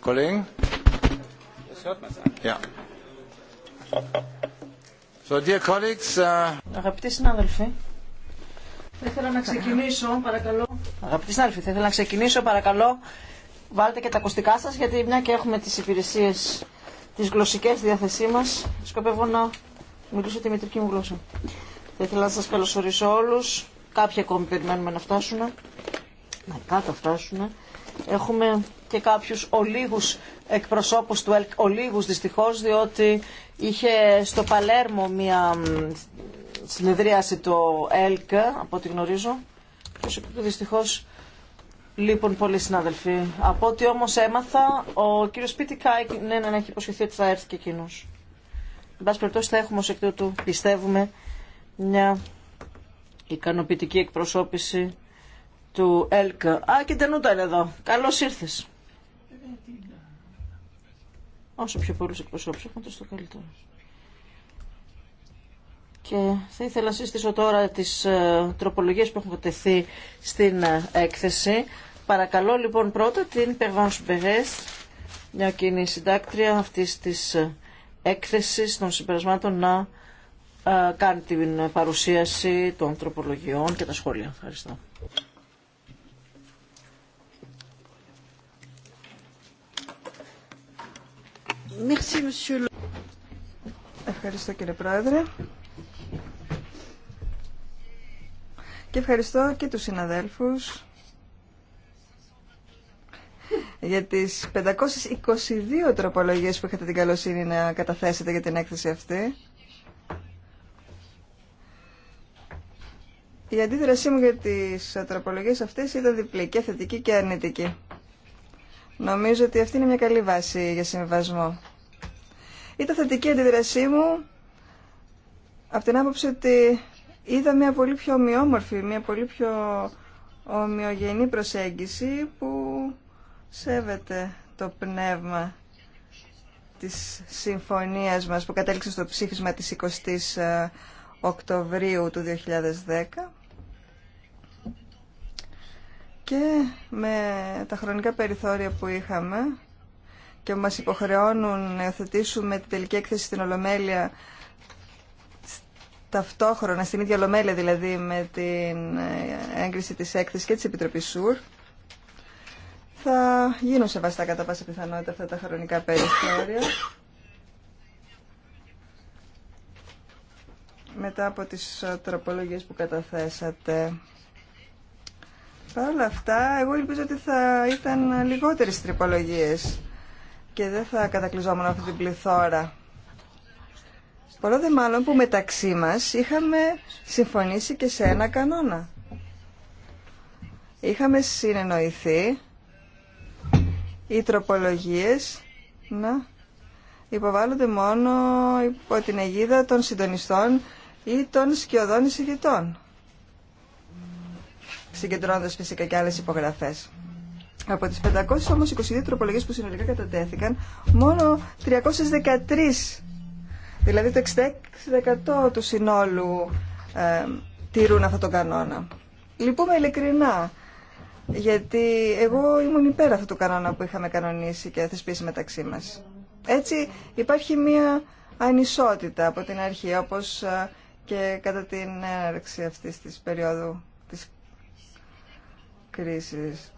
Kollegen? Ε? ja. so, dear colleagues, uh, Αγαπητοί συνάδελφοι, θα ήθελα να ξεκινήσω, παρακαλώ. Αγαπητοί συνάδελφοι, θα ήθελα να ξεκινήσω, παρακαλώ, βάλτε και τα ακουστικά σας, γιατί μια και έχουμε τις υπηρεσίες τις γλωσσικές στη διάθεσή μας, σκοπεύω να μιλήσω τη μητρική μου γλώσσα. Θα ήθελα να σας καλωσορίσω όλους Κάποια ακόμη περιμένουμε να φτάσουν. Να κάτω φτάσουν. Έχουμε και κάποιους ολίγους εκπροσώπους του ΕΛΚ, ολίγους δυστυχώς, διότι είχε στο Παλέρμο μια συνεδρίαση το ΕΛΚ, από ό,τι γνωρίζω. Δυστυχώς λείπουν πολλοί συνάδελφοι. Από ό,τι όμως έμαθα, ο κύριος Πίτη Κάικ, ναι, να ναι, έχει υποσχεθεί ότι θα έρθει και εκείνος. Εν πάση περιπτώσει θα έχουμε ως εκ τούτου, πιστεύουμε, μια ικανοποιητική εκπροσώπηση του ΕΛΚΑ. Α, και τενούτα είναι εδώ. Καλώ ήρθε. Όσο πιο πολλού εκπροσώπου έχουμε, τόσο καλύτερο. Και θα ήθελα να συστήσω τώρα τις ε, τροπολογίε που έχουν προτεθεί στην ε, έκθεση. Παρακαλώ λοιπόν πρώτα την Περβάν Μπερές, μια κοινή συντάκτρια αυτής της ε, έκθεση των συμπερασμάτων να ε, κάνει την παρουσίαση των τροπολογιών και τα σχόλια. Ευχαριστώ. Ευχαριστώ κύριε Πρόεδρε. Και ευχαριστώ και τους συναδέλφους για τις 522 τροπολογίες που είχατε την καλοσύνη να καταθέσετε για την έκθεση αυτή. Η αντίδρασή μου για τις τροπολογίε αυτές ήταν διπλή και θετική και αρνητική. Νομίζω ότι αυτή είναι μια καλή βάση για συμβασμό. Ήταν θετική η αντίδρασή μου από την άποψη ότι είδα μια πολύ πιο ομοιόμορφη, μια πολύ πιο ομοιογενή προσέγγιση που σέβεται το πνεύμα της συμφωνίας μας που κατέληξε στο ψήφισμα της 20ης ε, Οκτωβρίου του 2010 και με τα χρονικά περιθώρια που είχαμε και μας υποχρεώνουν να υιοθετήσουμε την τελική έκθεση στην Ολομέλεια ταυτόχρονα, στην ίδια Ολομέλεια δηλαδή με την ε, έγκριση της έκθεσης και της Επιτροπής ΣΟΥΡ θα γίνουν σεβαστά κατά πάσα πιθανότητα αυτά τα χρονικά περιθώρια μετά από τις ε, τροπολογίες που καταθέσατε. Παρ' όλα αυτά, εγώ ελπίζω ότι θα ήταν λιγότερες τρυπολογίες και δεν θα κατακλυζόμουν αυτή την πληθώρα. Πολλό δε μάλλον που μεταξύ μας είχαμε συμφωνήσει και σε ένα κανόνα. Είχαμε συνεννοηθεί οι τροπολογίες να υποβάλλονται μόνο υπό την αιγίδα των συντονιστών ή των σκιωδών εισηγητών. Συγκεντρώνοντα φυσικά και άλλε υπογραφές. Από τις 500 όμως 22 τροπολογίες που συνολικά κατατέθηκαν, μόνο 313, δηλαδή το 66% του συνόλου ε, τηρούν αυτόν τον κανόνα. Λυπούμε ειλικρινά, γιατί εγώ ήμουν υπέρ αυτού του κανόνα που είχαμε κανονίσει και θεσπίσει μεταξύ μας. Έτσι υπάρχει μία ανισότητα από την αρχή, όπως ε, και κατά την έναρξη αυτής της περίοδου κρίσης.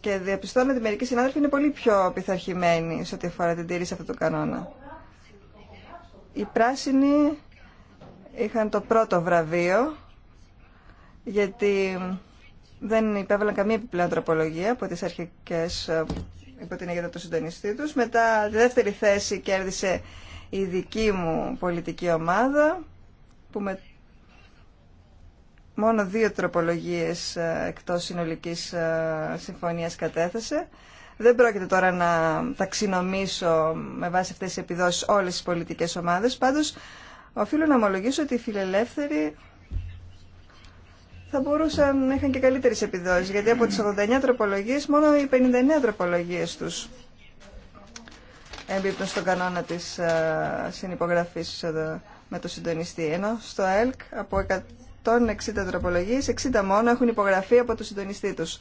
Και διαπιστώνω ότι μερικοί συνάδελφοι είναι πολύ πιο πειθαρχημένοι σε ό,τι αφορά την τήρηση αυτού του κανόνα. Οι πράσινοι είχαν το πρώτο βραβείο, γιατί δεν υπέβαλαν καμία επιπλέον τροπολογία από τις αρχικές ε, υπό την αιγύδα του συντονιστή τους. Μετά τη δεύτερη θέση κέρδισε η δική μου πολιτική ομάδα, που με μόνο δύο τροπολογίες ε, εκτός συνολικής ε, συμφωνίας κατέθεσε. Δεν πρόκειται τώρα να ταξινομήσω με βάση αυτές τις επιδόσεις όλες τις πολιτικές ομάδες. Πάντως, οφείλω να ομολογήσω ότι οι φιλελεύθεροι θα μπορούσαν να είχαν και καλύτερες επιδόσεις, γιατί από τις 89 τροπολογίες μόνο οι 59 τροπολογίες τους εμπίπτουν στον κανόνα της ε, συνυπογραφής με το συντονιστή. Ενώ στο ΕΛΚ από των 60 τροπολογίες, 60 μόνο έχουν υπογραφεί από το συντονιστή τους.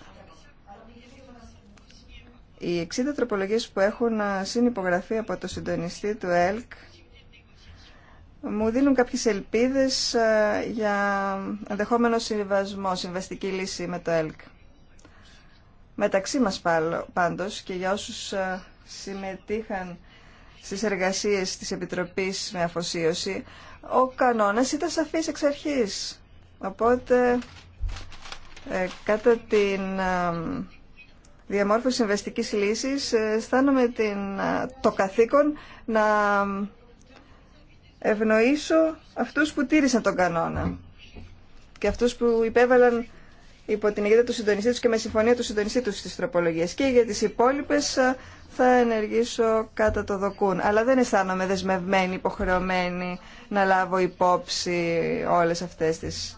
Οι 60 τροπολογίες που έχουν ε, συνυπογραφεί από το συντονιστή του ΕΛΚ μου δίνουν κάποιες ελπίδες ε, για ενδεχόμενο συμβασμό, συμβαστική λύση με το ΕΛΚ. Μεταξύ μας πάντως και για όσους ε, συμμετείχαν στις εργασίες της Επιτροπής με αφοσίωση, ο κανόνας ήταν σαφής εξ αρχής. Οπότε, ε, κατά τη ε, διαμόρφωση συμβεστικής λύσης, ε, αισθάνομαι την, το καθήκον να ευνοήσω αυτούς που τήρησαν τον κανόνα και αυτούς που υπέβαλαν υπό την αιγύδα του συντονιστή τους και με συμφωνία του συντονιστή τους στις τροπολογίες και για τις υπόλοιπες θα ενεργήσω κατά το δοκούν. Αλλά δεν αισθάνομαι δεσμευμένη, υποχρεωμένη να λάβω υπόψη όλες αυτές τις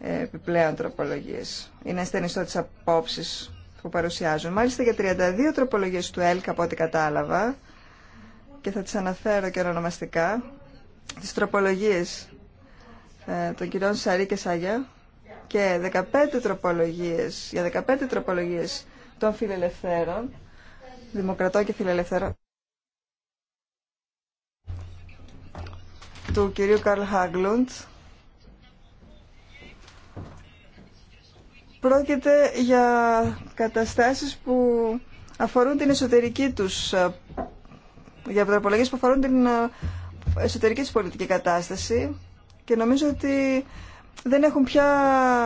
επιπλέον τροπολογίες. Είναι ασθενιστό τις απόψεις που παρουσιάζουν. Μάλιστα για 32 τροπολογίες του ΕΛΚ από ό,τι κατάλαβα και θα τις αναφέρω και ονομαστικά τις τροπολογίες ε, των κυρίων Σαρή και Σάγια και 15 τροπολογίες, για 15 τροπολογίες των φιλελευθέρων, δημοκρατών και φιλελευθέρων του κυρίου Καρλ Χάγκλουντ Πρόκειται για καταστάσεις που αφορούν την εσωτερική τους, ε, για που αφορούν την ε, εσωτερική της πολιτική κατάσταση και νομίζω ότι δεν έχουν πια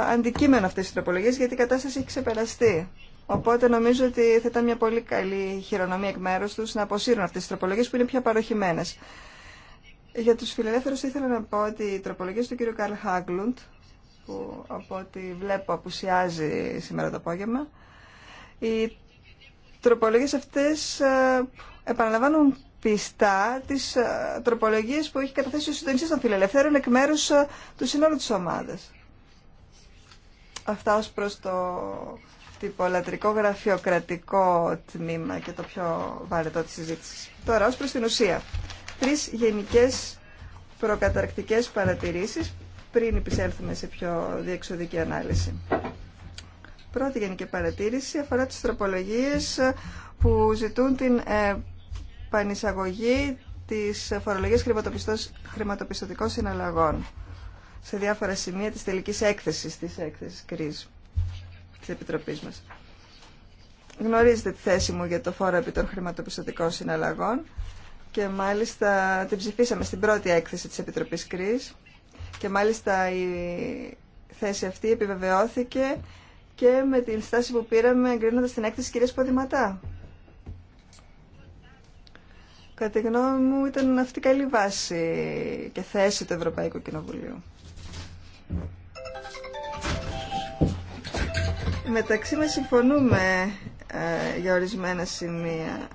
αντικείμενο αυτές οι τροπολογίες γιατί η κατάσταση έχει ξεπεραστεί. Οπότε νομίζω ότι θα ήταν μια πολύ καλή χειρονομία εκ μέρου του να αποσύρουν αυτέ τι τροπολογίε που είναι πια παροχημένε. Για του φιλελεύθερου ήθελα να πω ότι οι τροπολογίε του κ. Καρλ Χάγκλουντ που από ό,τι βλέπω απουσιάζει σήμερα το απόγευμα. Οι τροπολογίες αυτές ε, επαναλαμβάνουν πιστά τις ε, τροπολογίες που έχει καταθέσει ο συντονιστής των φιλελευθέρων εκ μέρους ε, του συνόλου της ομάδας. Αυτά ως προς το τυπολατρικό γραφειοκρατικό τμήμα και το πιο βαρετό της συζήτησης. Τώρα ως προς την ουσία. Τρεις γενικές προκαταρκτικές παρατηρήσεις πριν επισέλθουμε σε πιο διεξοδική ανάλυση. Πρώτη γενική παρατήρηση αφορά τις τροπολογίες που ζητούν την ε, πανεισαγωγή της φορολογίας χρηματοπιστωτικών συναλλαγών σε διάφορα σημεία της τελικής έκθεσης της έκθεσης κρίσης της Επιτροπής μας. Γνωρίζετε τη θέση μου για το φόρο επί των χρηματοπιστωτικών συναλλαγών και μάλιστα την ψηφίσαμε στην πρώτη έκθεση της Επιτροπής Κρίς και μάλιστα η θέση αυτή επιβεβαιώθηκε και με την στάση που πήραμε εγκρίνοντα την έκθεση κυρία Ποδηματά. Κατά τη γνώμη μου ήταν αυτή η καλή βάση και θέση του Ευρωπαϊκού Κοινοβουλίου. Μεταξύ μας συμφωνούμε ε, για ορισμένα σημεία,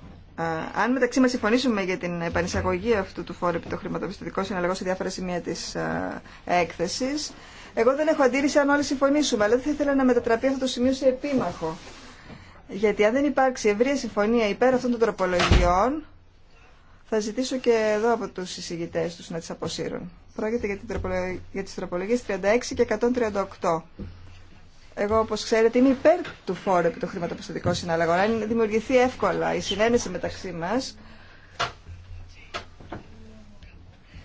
αν μεταξύ μας συμφωνήσουμε για την επανεισαγωγή αυτού του φόρου επί το χρηματοπιστωτικό συναλλαγό σε διάφορα σημεία της έκθεσης, εγώ δεν έχω αντίρρηση αν όλοι συμφωνήσουμε, αλλά δεν θα ήθελα να μετατραπεί αυτό το σημείο σε επίμαχο. Γιατί αν δεν υπάρξει ευρεία συμφωνία υπέρ αυτών των τροπολογιών, θα ζητήσω και εδώ από τους συζητητές τους να τις αποσύρουν. Πρόκειται για, για τις τροπολογίες 36 και 138. Εγώ, όπω ξέρετε, είμαι υπέρ του φόρου επί των χρηματοπιστωτικών συναλλαγών. Αν δημιουργηθεί εύκολα η συνένεση μεταξύ μα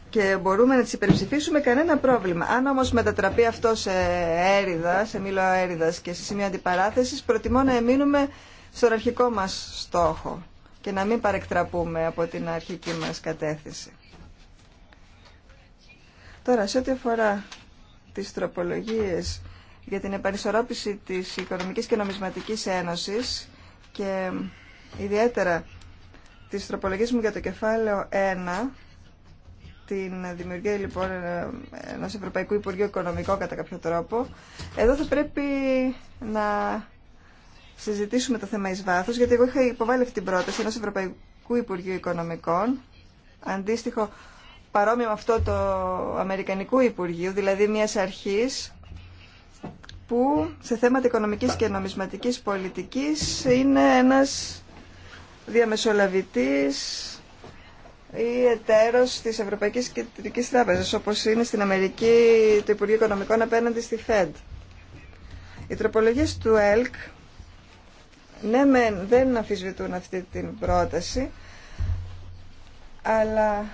και μπορούμε να τι υπερψηφίσουμε, κανένα πρόβλημα. Αν όμω μετατραπεί αυτό σε έρηδα, σε μήλο έρηδα και σε σημείο αντιπαράθεση, προτιμώ να εμείνουμε στον αρχικό μα στόχο και να μην παρεκτραπούμε από την αρχική μα κατέθεση. Τώρα, σε ό,τι αφορά τις τροπολογίες για την επανισορρόπηση της Οικονομικής και Νομισματικής Ένωσης και ιδιαίτερα της τροπολογίας μου για το κεφάλαιο 1, την δημιουργία λοιπόν ενός Ευρωπαϊκού Υπουργείου Οικονομικών κατά κάποιο τρόπο, εδώ θα πρέπει να συζητήσουμε το θέμα εις βάθος, γιατί εγώ είχα υποβάλει αυτή την πρόταση ενός Ευρωπαϊκού Υπουργείου Οικονομικών, αντίστοιχο παρόμοιο με αυτό το Αμερικανικού Υπουργείου, δηλαδή μιας αρχής που σε θέματα οικονομικής και νομισματικής πολιτικής είναι ένας διαμεσολαβητής ή εταίρος της Ευρωπαϊκής Κεντρικής Τράπεζας, όπως είναι στην Αμερική το Υπουργείο Οικονομικών απέναντι στη ΦΕΔ. Οι τροπολογίες του ΕΛΚ ναι, δεν αμφισβητούν αυτή την πρόταση, αλλά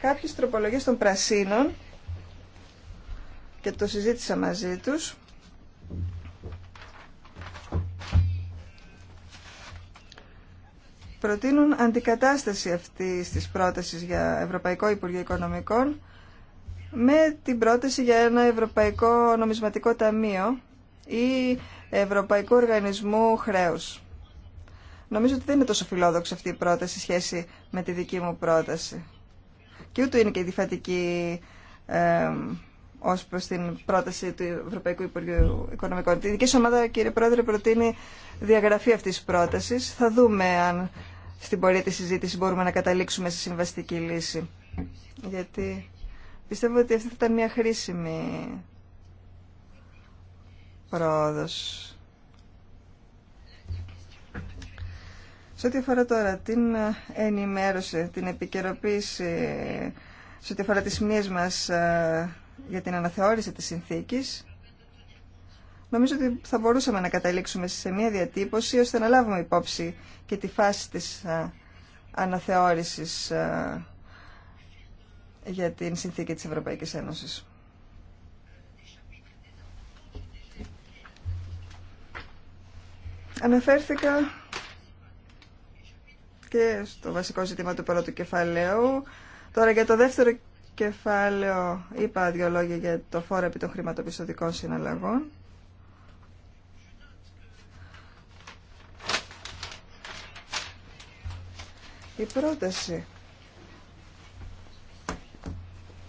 κάποιες τροπολογίες των πρασίνων και το συζήτησα μαζί τους προτείνουν αντικατάσταση αυτή της πρόταση για Ευρωπαϊκό Υπουργείο Οικονομικών με την πρόταση για ένα Ευρωπαϊκό Νομισματικό Ταμείο ή Ευρωπαϊκού Οργανισμού Χρέους. Νομίζω ότι δεν είναι τόσο φιλόδοξη αυτή η πρόταση σχέση με τη δική μου πρόταση. Και ούτε είναι και διφατική ε, ω προ την πρόταση του Ευρωπαϊκού Υπουργείου Οικονομικών. Η δική σα ομάδα, κύριε Πρόεδρε, προτείνει διαγραφή αυτή τη πρόταση. Θα δούμε αν στην πορεία της συζήτησης μπορούμε να καταλήξουμε σε συμβαστική λύση. Γιατί πιστεύω ότι αυτή θα ήταν μια χρήσιμη πρόοδος. Σε ό,τι αφορά τώρα την ενημέρωση, την επικαιροποίηση, σε ό,τι αφορά τις μνήμες μας ε, για την αναθεώρηση της συνθήκης, Νομίζω ότι θα μπορούσαμε να καταλήξουμε σε μια διατύπωση ώστε να λάβουμε υπόψη και τη φάση της αναθεώρησης για την συνθήκη της Ευρωπαϊκής Ένωσης. Αναφέρθηκα και στο βασικό ζήτημα του πρώτου κεφαλαίου. Τώρα για το δεύτερο κεφάλαιο είπα δύο λόγια για το φόρο επί των χρηματοπιστωτικών συναλλαγών. η πρόταση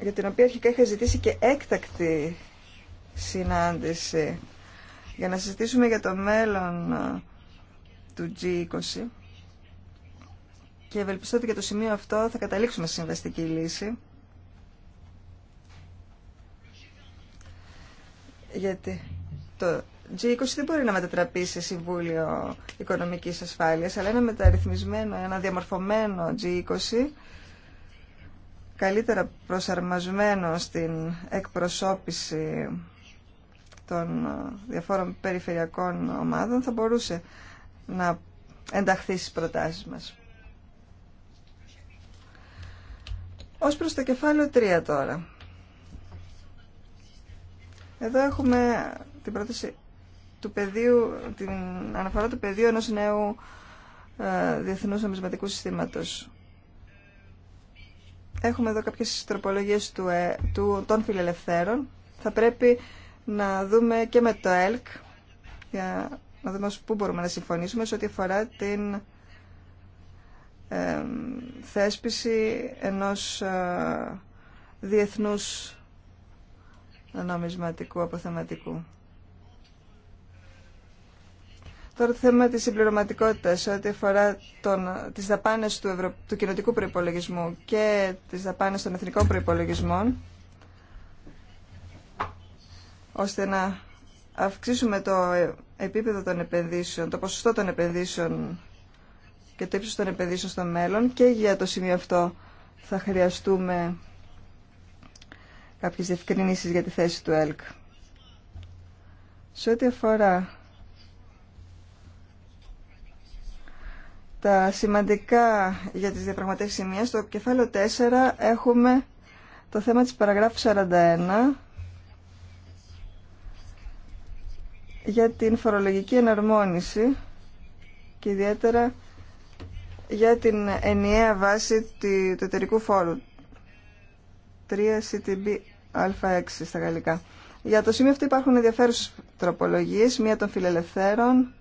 για την οποία αρχικά είχα ζητήσει και έκτακτη συνάντηση για να συζητήσουμε για το μέλλον ε, του G20 και ευελπιστώ ότι για το σημείο αυτό θα καταλήξουμε στη συμβαστική λύση γιατί το G20 δεν μπορεί να μετατραπεί σε Συμβούλιο Οικονομικής Ασφάλειας, αλλά ένα μεταρρυθμισμένο, ένα διαμορφωμένο G20, καλύτερα προσαρμοσμένο στην εκπροσώπηση των διαφόρων περιφερειακών ομάδων, θα μπορούσε να ενταχθεί στις προτάσεις μας. Ως προς το κεφάλαιο 3 τώρα. Εδώ έχουμε την πρόταση του πεδίου, την αναφορά του πεδίου ενός νέου ε, διεθνούς νομισματικού συστήματος. Έχουμε εδώ κάποιες τροπολογίες του, ε, του, των φιλελευθέρων. Θα πρέπει να δούμε και με το ΕΛΚ, για να δούμε πού μπορούμε να συμφωνήσουμε σε ό,τι αφορά την θέσπιση ενός ε, διεθνούς νομισματικού αποθεματικού. Τώρα το θέμα της συμπληρωματικότητας ό,τι αφορά τον, τις δαπάνες του, Ευρω... του κοινοτικού προϋπολογισμού και τις δαπάνες των εθνικών προϋπολογισμών ώστε να αυξήσουμε το επίπεδο των επενδύσεων, το ποσοστό των επενδύσεων και το ύψος των επενδύσεων στο μέλλον και για το σημείο αυτό θα χρειαστούμε κάποιες διευκρινήσεις για τη θέση του ΕΛΚ. Σε ό,τι αφορά τα σημαντικά για τις διαπραγματεύσεις σημεία. Στο κεφάλαιο 4 έχουμε το θέμα της παραγράφου 41 για την φορολογική εναρμόνιση και ιδιαίτερα για την ενιαία βάση του εταιρικού φόρου 3 CTB α6 στα γαλλικά. Για το σημείο αυτό υπάρχουν ενδιαφέρουσες τροπολογίες, μία των φιλελευθέρων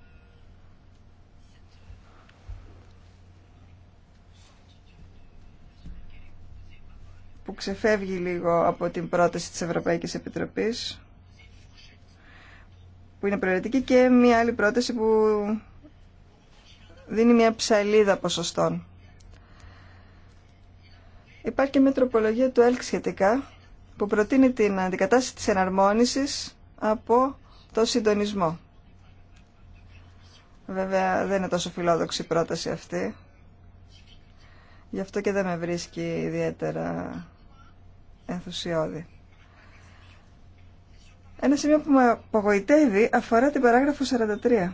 που ξεφεύγει λίγο από την πρόταση της Ευρωπαϊκής Επιτροπής που είναι προαιρετική και μια άλλη πρόταση που δίνει μια ψαλίδα ποσοστών. Υπάρχει και μια τροπολογία του ΕΛΚ σχετικά που προτείνει την αντικατάσταση της εναρμόνισης από το συντονισμό. Βέβαια δεν είναι τόσο φιλόδοξη η πρόταση αυτή. Γι' αυτό και δεν με βρίσκει ιδιαίτερα ενθουσιώδη. Ένα σημείο που με απογοητεύει αφορά την παράγραφο 43.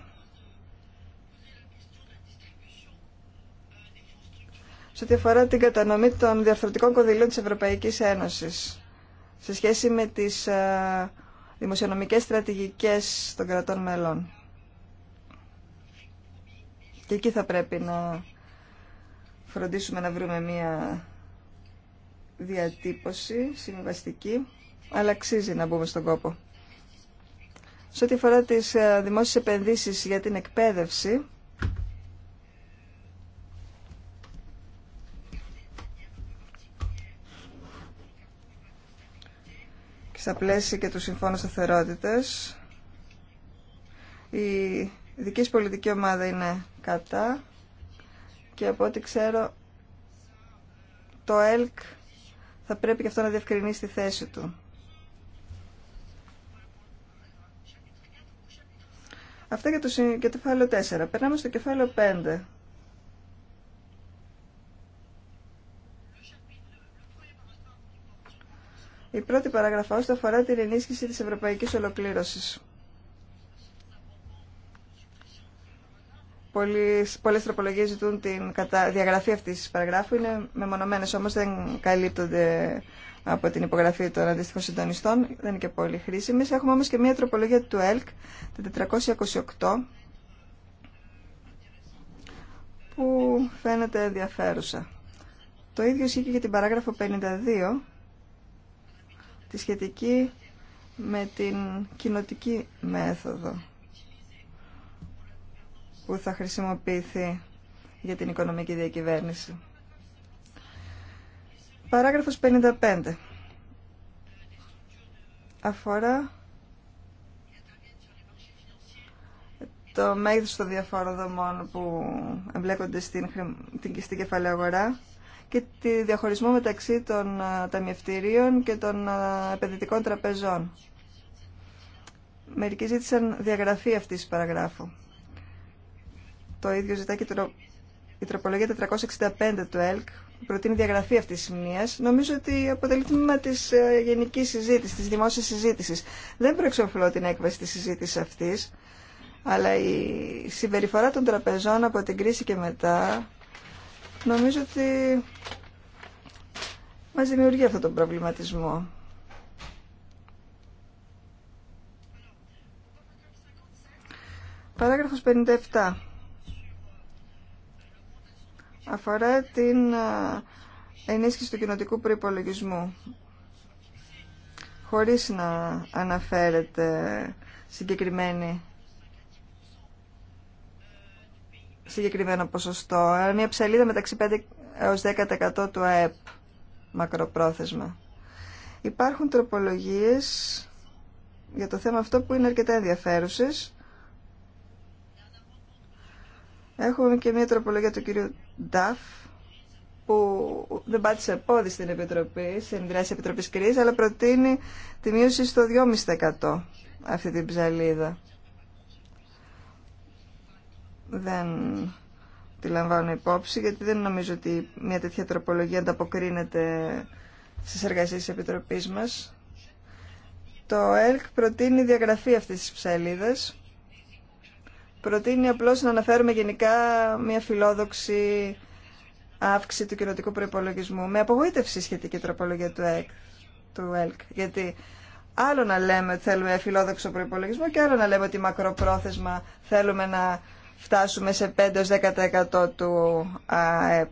Σε ό,τι αφορά την κατανομή των διαρθρωτικών κονδυλίων της Ευρωπαϊκής Ένωσης σε σχέση με τις ε, δημοσιονομικές στρατηγικές των κρατών μελών. Και εκεί θα πρέπει να φροντίσουμε να βρούμε μία διατύπωση συμβαστική, αλλά αξίζει να μπούμε στον κόπο. Σε ό,τι αφορά τις ε, δημόσιες επενδύσεις για την εκπαίδευση, και στα πλαίσια και του Συμφώνου Σταθερότητας, η δική πολιτική ομάδα είναι κατά και από ό,τι ξέρω το ΕΛΚ θα πρέπει και αυτό να διευκρινίσει τη θέση του. Αυτά για το, κεφάλαιο 4. Περνάμε στο κεφάλαιο 5. Η πρώτη παραγραφά όσο αφορά την ενίσχυση της ευρωπαϊκής ολοκλήρωσης. Πολλέ τροπολογίε ζητούν την διαγραφή αυτή τη παραγράφου. Είναι μεμονωμένες όμως, δεν καλύπτονται από την υπογραφή των αντίστοιχων συντονιστών. Δεν είναι και πολύ χρήσιμες. Έχουμε όμως και μια τροπολογία του ΕΛΚ, το 428, που φαίνεται ενδιαφέρουσα. Το ίδιο ισχύει και για την παράγραφο 52, τη σχετική με την κοινοτική μέθοδο που θα χρησιμοποιηθεί για την οικονομική διακυβέρνηση. Παράγραφος 55 αφορά το μέγεθος των διαφόρων δομών που εμπλέκονται στην, στην κεφαλαία αγορά και τη διαχωρισμό μεταξύ των ε, ταμιευτηρίων και των ε, επενδυτικών τραπεζών. Μερικοί ζήτησαν διαγραφή αυτής της παραγράφου. Το ίδιο ζητά και η τροπολογία 465 του ΕΛΚ που προτείνει διαγραφή αυτή τη σημεία. Νομίζω ότι αποτελεί τμήμα τη ε, γενική συζήτηση, τη δημόσια συζήτηση. Δεν προεξοφλώ την έκβαση τη συζήτηση αυτή, αλλά η συμπεριφορά των τραπεζών από την κρίση και μετά νομίζω ότι μα δημιουργεί αυτόν τον προβληματισμό. Παράγραφος 57 αφορά την ε, ενίσχυση του κοινοτικού προϋπολογισμού χωρίς να αναφέρεται συγκεκριμένη συγκεκριμένο ποσοστό, μια ψαλίδα μεταξύ 5 έως 10% του ΑΕΠ μακροπρόθεσμα. Υπάρχουν τροπολογίες για το θέμα αυτό που είναι αρκετά ενδιαφέρουσες. Έχουμε και μια τροπολογία του κυρίου Νταφ που δεν πάτησε πόδι στην Επιτροπή, στην δράση Επιτροπή Κρίσης, αλλά προτείνει τη μείωση στο 2,5% αυτή την ψαλίδα. Δεν τη λαμβάνω υπόψη, γιατί δεν νομίζω ότι μια τέτοια τροπολογία ανταποκρίνεται στις εργασίες της Επιτροπής μας. Το ΕΛΚ προτείνει διαγραφή αυτής της ψαλίδας προτείνει απλώς να αναφέρουμε γενικά μια φιλόδοξη αύξηση του κοινωτικού προϋπολογισμού. Με απογοήτευση σχετική τροπολογία του ΕΚ, του ΕΛΚ, γιατί άλλο να λέμε ότι θέλουμε φιλόδοξο προϋπολογισμό και άλλο να λέμε ότι μακροπρόθεσμα θέλουμε να φτάσουμε σε 5-10% του ΑΕΠ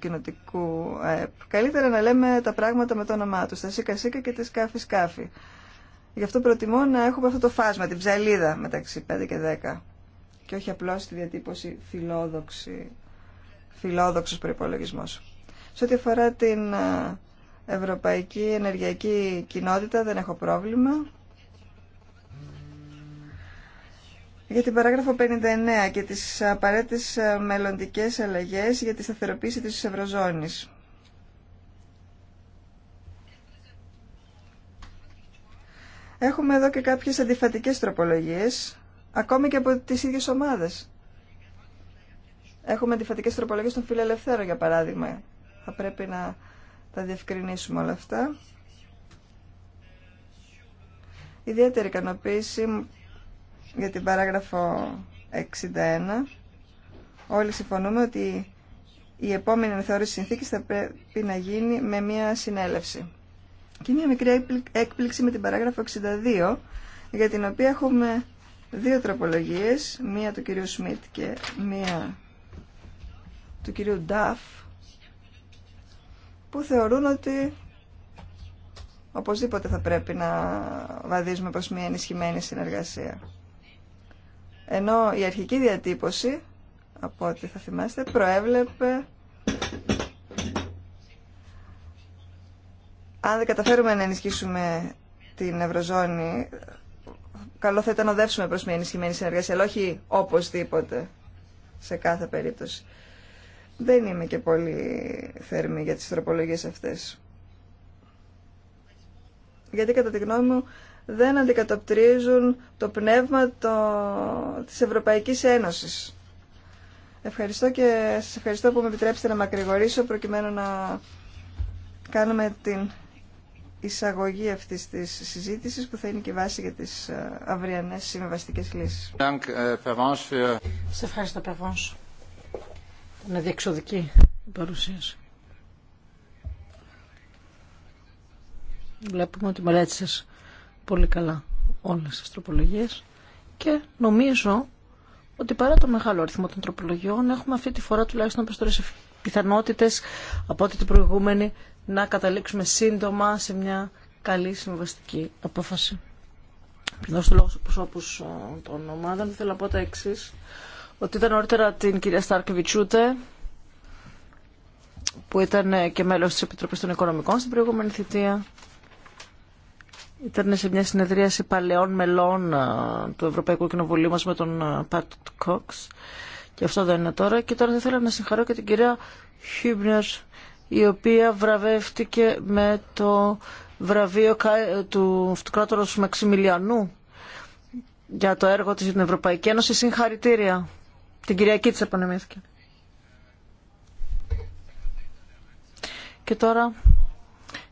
του ΑΕΠ. Καλύτερα να λέμε τα πράγματα με το όνομά του, τα σίκα σίκα και τη σκάφη σκάφη. Γι' αυτό προτιμώ να έχουμε αυτό το φάσμα, την ψαλίδα μεταξύ 5 και 10 και όχι απλώ τη διατύπωση φιλόδοξη, φιλόδοξος προπολογισμό. Σε ό,τι αφορά την ε, Ευρωπαϊκή Ενεργειακή Κοινότητα δεν έχω πρόβλημα. Για την παράγραφο 59 και τις απαραίτητες ε, μελλοντικές αλλαγές για τη σταθεροποίηση της Ευρωζώνης. Έχουμε εδώ και κάποιες αντιφατικές τροπολογίες, ακόμη και από τις ίδιες ομάδες. Έχουμε αντιφατικές τροπολογίες των φιλελευθέρων, για παράδειγμα. Θα πρέπει να τα διευκρινίσουμε όλα αυτά. Ιδιαίτερη ικανοποίηση για την παράγραφο 61. Όλοι συμφωνούμε ότι η επόμενη θεώρηση συνθήκης θα πρέπει να γίνει με μια συνέλευση. Και μια μικρή έκπληξη με την παράγραφο 62, για την οποία έχουμε δύο τροπολογίες, μία του κυρίου Σμιτ και μία του κυρίου Νταφ, που θεωρούν ότι οπωσδήποτε θα πρέπει να βαδίζουμε προς μια ενισχυμένη συνεργασία. Ενώ η αρχική διατύπωση, από ό,τι θα θυμάστε, προέβλεπε αν δεν καταφέρουμε να ενισχύσουμε την Ευρωζώνη, καλό θα ήταν να οδεύσουμε προς μια ενισχυμένη συνεργασία, αλλά όχι οπωσδήποτε σε κάθε περίπτωση. Δεν είμαι και πολύ θερμή για τις τροπολογίες αυτές. Γιατί κατά τη γνώμη μου δεν αντικατοπτρίζουν το πνεύμα το... της Ευρωπαϊκής Ένωσης. Ευχαριστώ και σας ευχαριστώ που με επιτρέψετε να μακρηγορήσω προκειμένου να κάνουμε την εισαγωγή αυτή τη συζήτηση που θα είναι και βάση για τι ε, αυριανέ συμβαστικέ λύσει. Ε, Σε ευχαριστώ το Είναι διεξοδική η παρουσίαση. Βλέπουμε ότι μελέτησε πολύ καλά όλες τι τροπολογίε και νομίζω ότι παρά το μεγάλο αριθμό των τροπολογιών έχουμε αυτή τη φορά τουλάχιστον περισσότερες πιθανότητε, από ό,τι την προηγούμενη να καταλήξουμε σύντομα σε μια καλή συμβαστική απόφαση. Πριν δώσω λόγο στου προσώπου ε, των ομάδων, θέλω να πω τα εξή ότι ήταν νωρίτερα την κυρία Στάρκεβιτσούτε, που ήταν ε, και μέλο τη Επιτροπή των Οικονομικών στην προηγούμενη θητεία. Ήταν σε μια συνεδρίαση παλαιών μελών ε, του Ευρωπαϊκού Κοινοβουλίου μας με τον Πατ Κόξ. Και αυτό δεν είναι τώρα. Και τώρα θα ήθελα να συγχαρώ και την κυρία Χίμπνερ η οποία βραβεύτηκε με το βραβείο του αυτοκράτορος Μαξιμιλιανού για το έργο της στην Ευρωπαϊκή Ένωση. Συγχαρητήρια. Την Κυριακή της επανεμήθηκε. Και τώρα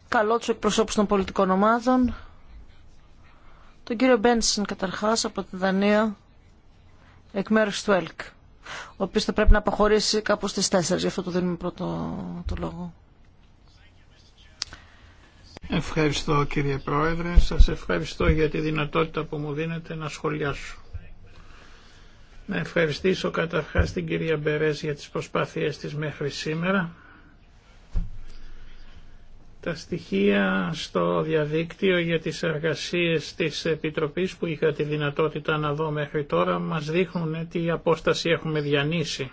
καλό του εκπροσώπους των πολιτικών ομάδων. Τον κύριο Μπένσον καταρχάς από τη Δανία εκ μέρους του ΕΛΚ ο οποίος θα πρέπει να αποχωρήσει κάπου στις 4. Γι' αυτό το δίνουμε πρώτο το λόγο. Ευχαριστώ κύριε Πρόεδρε. Σας ευχαριστώ για τη δυνατότητα που μου δίνετε να σχολιάσω. Να ευχαριστήσω καταρχάς την κυρία Μπερές για τις προσπάθειές της μέχρι σήμερα. Τα στοιχεία στο διαδίκτυο για τις εργασίες της Επιτροπής που είχα τη δυνατότητα να δω μέχρι τώρα μας δείχνουν τι απόσταση έχουμε διανύσει.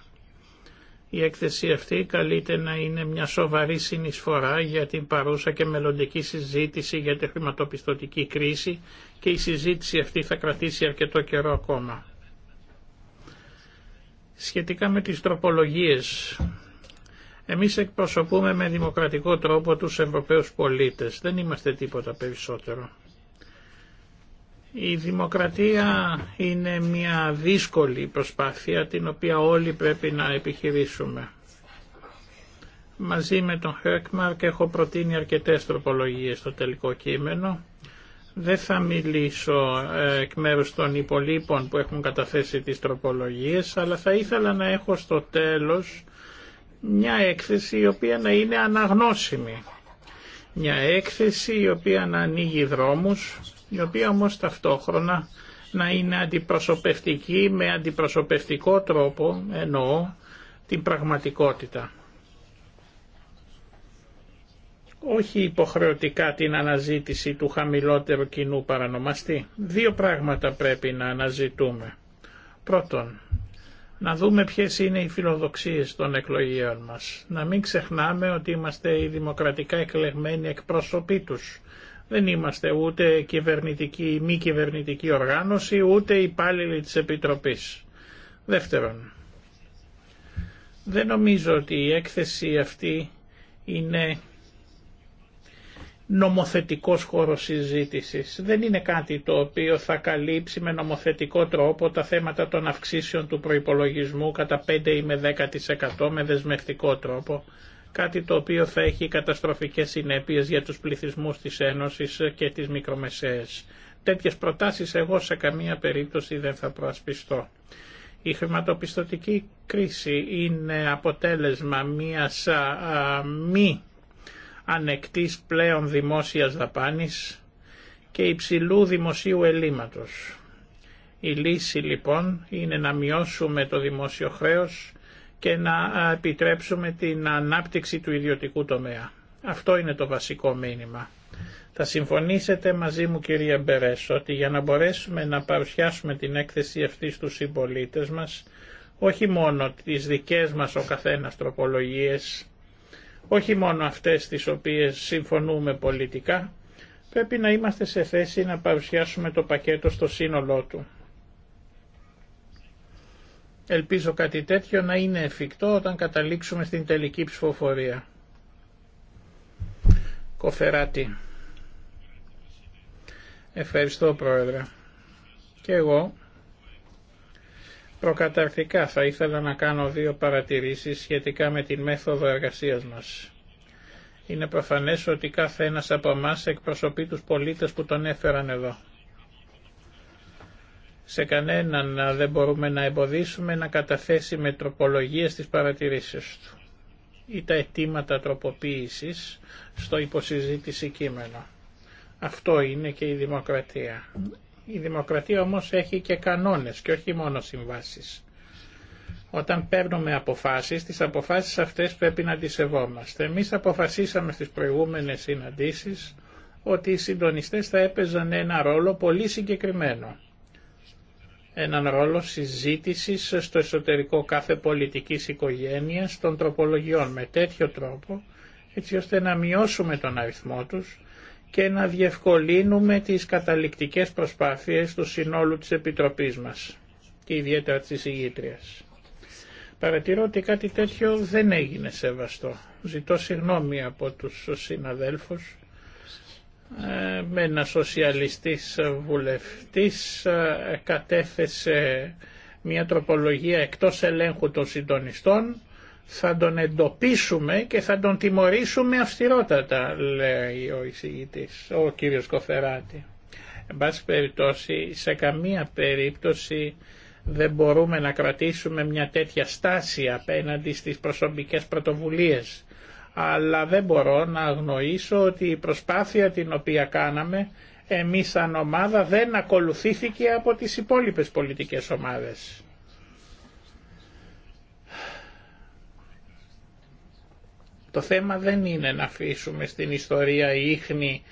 Η έκθεση αυτή καλείται να είναι μια σοβαρή συνεισφορά για την παρούσα και μελλοντική συζήτηση για τη χρηματοπιστωτική κρίση και η συζήτηση αυτή θα κρατήσει αρκετό καιρό ακόμα. Σχετικά με τις τροπολογίες εμείς εκπροσωπούμε με δημοκρατικό τρόπο τους Ευρωπαίους πολίτες. Δεν είμαστε τίποτα περισσότερο. Η δημοκρατία είναι μια δύσκολη προσπάθεια την οποία όλοι πρέπει να επιχειρήσουμε. Μαζί με τον Χέρκμαρκ έχω προτείνει αρκετές τροπολογίες στο τελικό κείμενο. Δεν θα μιλήσω ε, εκ μέρους των υπολείπων που έχουν καταθέσει τις τροπολογίες, αλλά θα ήθελα να έχω στο τέλος μια έκθεση η οποία να είναι αναγνώσιμη. Μια έκθεση η οποία να ανοίγει δρόμους, η οποία όμως ταυτόχρονα να είναι αντιπροσωπευτική με αντιπροσωπευτικό τρόπο, εννοώ, την πραγματικότητα. Όχι υποχρεωτικά την αναζήτηση του χαμηλότερου κοινού παρανομαστή. Δύο πράγματα πρέπει να αναζητούμε. Πρώτον, να δούμε ποιες είναι οι φιλοδοξίες των εκλογιών μας. Να μην ξεχνάμε ότι είμαστε οι δημοκρατικά εκλεγμένοι εκπρόσωποι Δεν είμαστε ούτε κυβερνητική η μη κυβερνητική οργάνωση, ούτε υπάλληλοι της Επιτροπής. Δεύτερον, δεν νομίζω ότι η έκθεση αυτή είναι νομοθετικός χώρος συζήτησης. Δεν είναι κάτι το οποίο θα καλύψει με νομοθετικό τρόπο τα θέματα των αυξήσεων του προϋπολογισμού κατά 5 ή με 10% με δεσμευτικό τρόπο. Κάτι το οποίο θα έχει καταστροφικές συνέπειες για τους πληθυσμούς της Ένωσης και τις μικρομεσαίες. Τέτοιες προτάσεις εγώ σε καμία περίπτωση δεν θα προασπιστώ. Η χρηματοπιστωτική κρίση είναι αποτέλεσμα μιας μη ανεκτής πλέον δημόσιας δαπάνης και υψηλού δημοσίου ελλείμματος. Η λύση λοιπόν είναι να μειώσουμε το δημόσιο χρέος και να επιτρέψουμε την ανάπτυξη του ιδιωτικού τομέα. Αυτό είναι το βασικό μήνυμα. Θα συμφωνήσετε μαζί μου κυρία Μπερές ότι για να μπορέσουμε να παρουσιάσουμε την έκθεση αυτή στους συμπολίτε μας όχι μόνο τις δικές μας ο καθένας τροπολογίες όχι μόνο αυτές τις οποίες συμφωνούμε πολιτικά, πρέπει να είμαστε σε θέση να παρουσιάσουμε το πακέτο στο σύνολό του. Ελπίζω κάτι τέτοιο να είναι εφικτό όταν καταλήξουμε στην τελική ψηφοφορία. Κοφεράτη. Ευχαριστώ Πρόεδρε. Και εγώ Προκαταρτικά θα ήθελα να κάνω δύο παρατηρήσεις σχετικά με την μέθοδο εργασίας μας. Είναι προφανές ότι κάθε ένας από εμά εκπροσωπεί τους πολίτες που τον έφεραν εδώ. Σε κανέναν δεν μπορούμε να εμποδίσουμε να καταθέσει με τροπολογίες τις παρατηρήσεις του ή τα αιτήματα τροποποίησης στο υποσυζήτηση κείμενο. Αυτό είναι και η δημοκρατία. Η δημοκρατία όμως έχει και κανόνες και όχι μόνο συμβάσεις. Όταν παίρνουμε αποφάσεις, τις αποφάσεις αυτές πρέπει να τις σεβόμαστε. Εμείς αποφασίσαμε στις προηγούμενες συναντήσεις ότι οι συντονιστές θα έπαιζαν ένα ρόλο πολύ συγκεκριμένο. Έναν ρόλο συζήτησης στο εσωτερικό κάθε πολιτικής οικογένειας των τροπολογιών με τέτοιο τρόπο, έτσι ώστε να μειώσουμε τον αριθμό τους και να διευκολύνουμε τις καταληκτικές προσπάθειες του συνόλου της Επιτροπής μας και ιδιαίτερα της ηγήτριας. Παρατηρώ ότι κάτι τέτοιο δεν έγινε σεβαστό. Ζητώ συγγνώμη από τους συναδέλφους. Ε, με ένα σοσιαλιστής βουλευτής ε, κατέθεσε μια τροπολογία εκτός ελέγχου των συντονιστών θα τον εντοπίσουμε και θα τον τιμωρήσουμε αυστηρότατα, λέει ο εισηγητής, ο κύριος Κοφεράτη. Εν πάση περιπτώσει, σε καμία περίπτωση δεν μπορούμε να κρατήσουμε μια τέτοια στάση απέναντι στις προσωπικές πρωτοβουλίες. Αλλά δεν μπορώ να αγνοήσω ότι η προσπάθεια την οποία κάναμε εμείς σαν ομάδα δεν ακολουθήθηκε από τις υπόλοιπες πολιτικές ομάδες. Το θέμα δεν είναι να αφήσουμε στην ιστορία ίχνη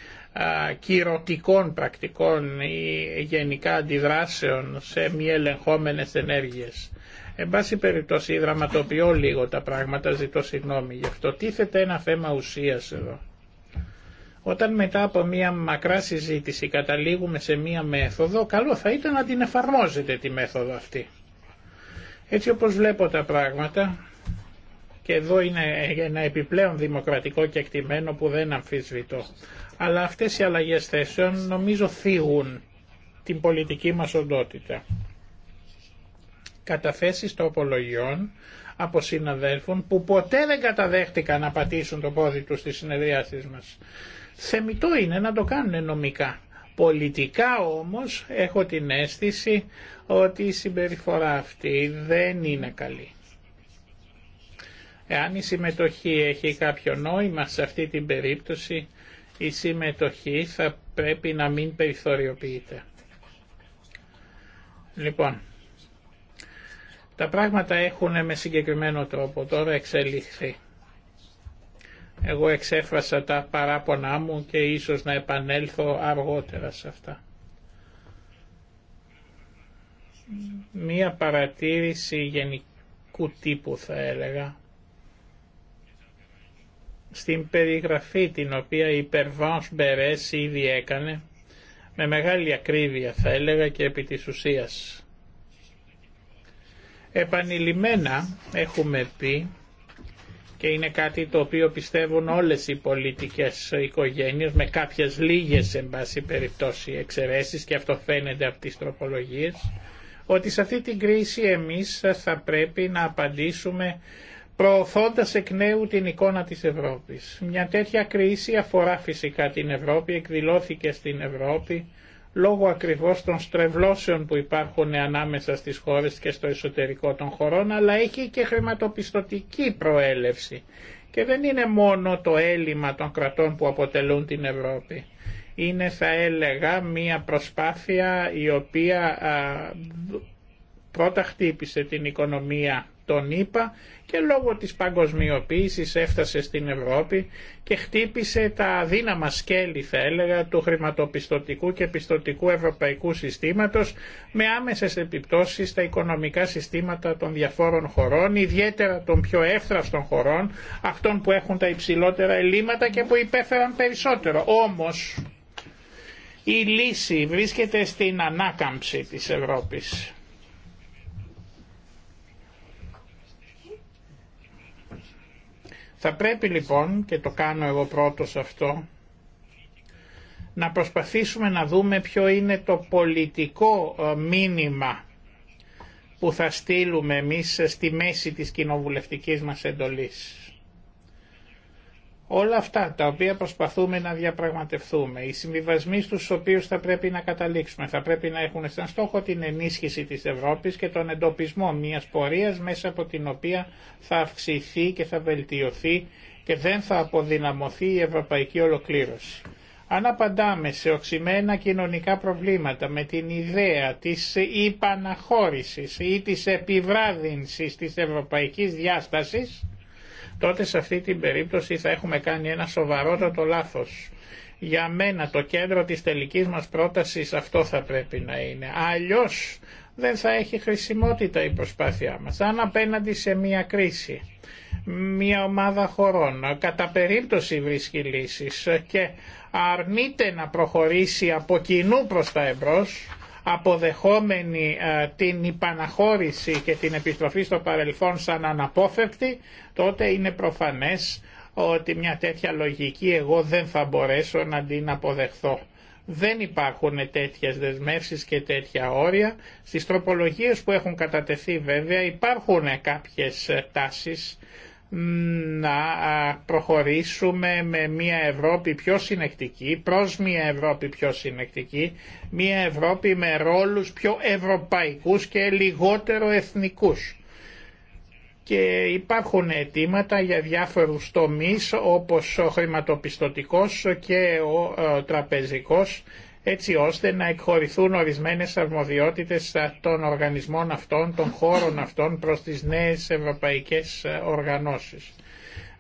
κυρωτικών πρακτικών ή γενικά αντιδράσεων σε μη ελεγχόμενες ενέργειες. Εν πάση περιπτώσει δραματοποιώ λίγο τα πράγματα, ζητώ συγγνώμη γι' αυτό. Τίθεται ένα θέμα ουσίας εδώ. Όταν μετά από μια μακρά συζήτηση καταλήγουμε σε μια μέθοδο, καλό θα ήταν να την εφαρμόζετε τη μέθοδο αυτή. Έτσι όπως βλέπω τα πράγματα, και εδώ είναι ένα επιπλέον δημοκρατικό κεκτημένο που δεν αμφισβητώ. Αλλά αυτές οι αλλαγές θέσεων νομίζω θίγουν την πολιτική μας οντότητα. Καταθέσεις τροπολογιών από συναδέλφων που ποτέ δεν καταδέχτηκαν να πατήσουν το πόδι τους στις συνεδριάσεις μας. Θεμητό είναι να το κάνουν νομικά. Πολιτικά όμως έχω την αίσθηση ότι η συμπεριφορά αυτή δεν είναι καλή. Εάν η συμμετοχή έχει κάποιο νόημα σε αυτή την περίπτωση, η συμμετοχή θα πρέπει να μην περιθωριοποιείται. Λοιπόν, τα πράγματα έχουν με συγκεκριμένο τρόπο τώρα εξελιχθεί. Εγώ εξέφρασα τα παράπονά μου και ίσως να επανέλθω αργότερα σε αυτά. Μία παρατήρηση γενικού τύπου θα έλεγα στην περιγραφή την οποία η Περβάνς Μπερές ήδη έκανε με μεγάλη ακρίβεια θα έλεγα και επί της ουσίας. Επανειλημμένα έχουμε πει και είναι κάτι το οποίο πιστεύουν όλες οι πολιτικές οικογένειες με κάποιες λίγες εν πάση περιπτώσει εξαιρέσεις και αυτό φαίνεται από τις τροπολογίες ότι σε αυτή την κρίση εμείς θα πρέπει να απαντήσουμε προωθώντας εκ νέου την εικόνα της Ευρώπης. Μια τέτοια κρίση αφορά φυσικά την Ευρώπη, εκδηλώθηκε στην Ευρώπη, λόγω ακριβώς των στρεβλώσεων που υπάρχουν ανάμεσα στις χώρες και στο εσωτερικό των χωρών, αλλά έχει και χρηματοπιστωτική προέλευση. Και δεν είναι μόνο το έλλειμμα των κρατών που αποτελούν την Ευρώπη. Είναι, θα έλεγα, μία προσπάθεια η οποία α, πρώτα χτύπησε την οικονομία τον είπα και λόγω της παγκοσμιοποίησης έφτασε στην Ευρώπη και χτύπησε τα αδύναμα σκέλη θα έλεγα του χρηματοπιστωτικού και πιστωτικού ευρωπαϊκού συστήματος με άμεσες επιπτώσεις στα οικονομικά συστήματα των διαφόρων χωρών, ιδιαίτερα των πιο εύθραστων χωρών, αυτών που έχουν τα υψηλότερα ελλείμματα και που υπέφεραν περισσότερο. Όμως η λύση βρίσκεται στην ανάκαμψη της Ευρώπης Θα πρέπει λοιπόν, και το κάνω εγώ πρώτος αυτό, να προσπαθήσουμε να δούμε ποιο είναι το πολιτικό ε, μήνυμα που θα στείλουμε εμείς στη μέση της κοινοβουλευτικής μας εντολής. Όλα αυτά τα οποία προσπαθούμε να διαπραγματευτούμε, οι συμβιβασμοί στους οποίους θα πρέπει να καταλήξουμε, θα πρέπει να έχουν σαν στόχο την ενίσχυση της Ευρώπης και τον εντοπισμό μιας πορείας μέσα από την οποία θα αυξηθεί και θα βελτιωθεί και δεν θα αποδυναμωθεί η ευρωπαϊκή ολοκλήρωση. Αν απαντάμε σε οξυμένα κοινωνικά προβλήματα με την ιδέα της υπαναχώρησης ή της επιβράδυνσης της ευρωπαϊκής διάστασης, τότε σε αυτή την περίπτωση θα έχουμε κάνει ένα σοβαρότατο λάθος. Για μένα το κέντρο της τελικής μας πρότασης αυτό θα πρέπει να είναι. Αλλιώς δεν θα έχει χρησιμότητα η προσπάθειά μας. Αν απέναντι σε μια κρίση, μια ομάδα χωρών κατά περίπτωση βρίσκει λύσεις και αρνείται να προχωρήσει από κοινού προς τα εμπρός, αποδεχόμενη ε, την υπαναχώρηση και την επιστροφή στο παρελθόν σαν αναπόφευκτη, τότε είναι προφανές ότι μια τέτοια λογική εγώ δεν θα μπορέσω να την αποδεχθώ. Δεν υπάρχουν τέτοιες δεσμεύσεις και τέτοια όρια. Στις τροπολογίες που έχουν κατατεθεί βέβαια υπάρχουν κάποιες τάσεις να προχωρήσουμε με μια Ευρώπη πιο συνεκτική, προς μια Ευρώπη πιο συνεκτική, μια Ευρώπη με ρόλους πιο ευρωπαϊκούς και λιγότερο εθνικούς. Και υπάρχουν αιτήματα για διάφορους τομείς όπως ο χρηματοπιστωτικός και ο τραπεζικός έτσι ώστε να εκχωρηθούν ορισμένες αρμοδιότητες ε, των οργανισμών αυτών, των χώρων αυτών προς τις νέες ευρωπαϊκές ε, οργανώσεις.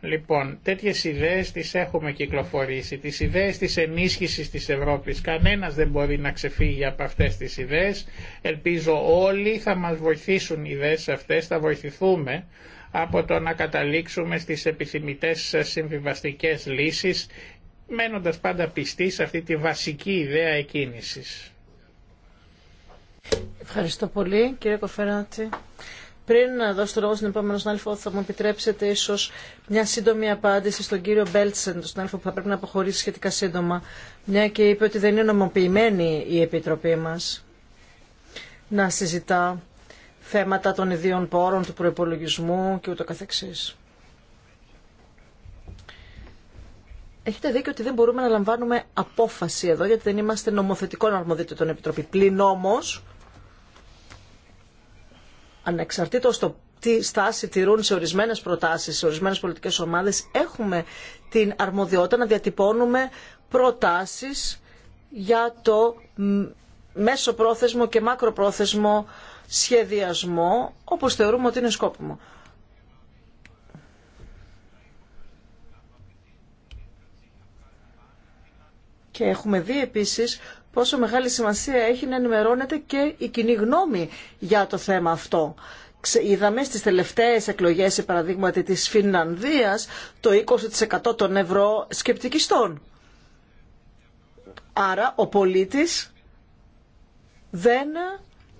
Λοιπόν, τέτοιες ιδέες τις έχουμε κυκλοφορήσει. Τις ιδέες της ενίσχυσης της Ευρώπης. Κανένας δεν μπορεί να ξεφύγει από αυτές τις ιδέες. Ελπίζω όλοι θα μας βοηθήσουν οι ιδέες αυτές, θα βοηθηθούμε από το να καταλήξουμε στις επιθυμητές ε, συμβιβαστικές λύσεις μένοντας πάντα πιστή σε αυτή τη βασική ιδέα εκκίνησης. Ευχαριστώ πολύ κύριε Κοφεράτη. Πριν να δώσω το λόγο στον επόμενο συνάδελφο, θα μου επιτρέψετε ίσω μια σύντομη απάντηση στον κύριο Μπέλτσεν, τον συνάδελφο που θα πρέπει να αποχωρήσει σχετικά σύντομα, μια και είπε ότι δεν είναι νομοποιημένη η Επιτροπή μα να συζητά θέματα των ιδίων πόρων, του προπολογισμού και Έχετε δίκιο ότι δεν μπορούμε να λαμβάνουμε απόφαση εδώ, γιατί δεν είμαστε νομοθετικό να νομοθετικών τον επιτροπή. Πλην όμω, ανεξαρτήτως το τι στάση τηρούν σε ορισμένε προτάσει, σε ορισμένε πολιτικέ ομάδε, έχουμε την αρμοδιότητα να διατυπώνουμε προτάσει για το μέσο πρόθεσμο και μακροπρόθεσμο σχεδιασμό, όπως θεωρούμε ότι είναι σκόπιμο. Και έχουμε δει επίσης πόσο μεγάλη σημασία έχει να ενημερώνεται και η κοινή γνώμη για το θέμα αυτό. Είδαμε στις τελευταίες εκλογές, σε παραδείγματι της Φινλανδίας, το 20% των ευρωσκεπτικιστών. Άρα ο πολίτης δεν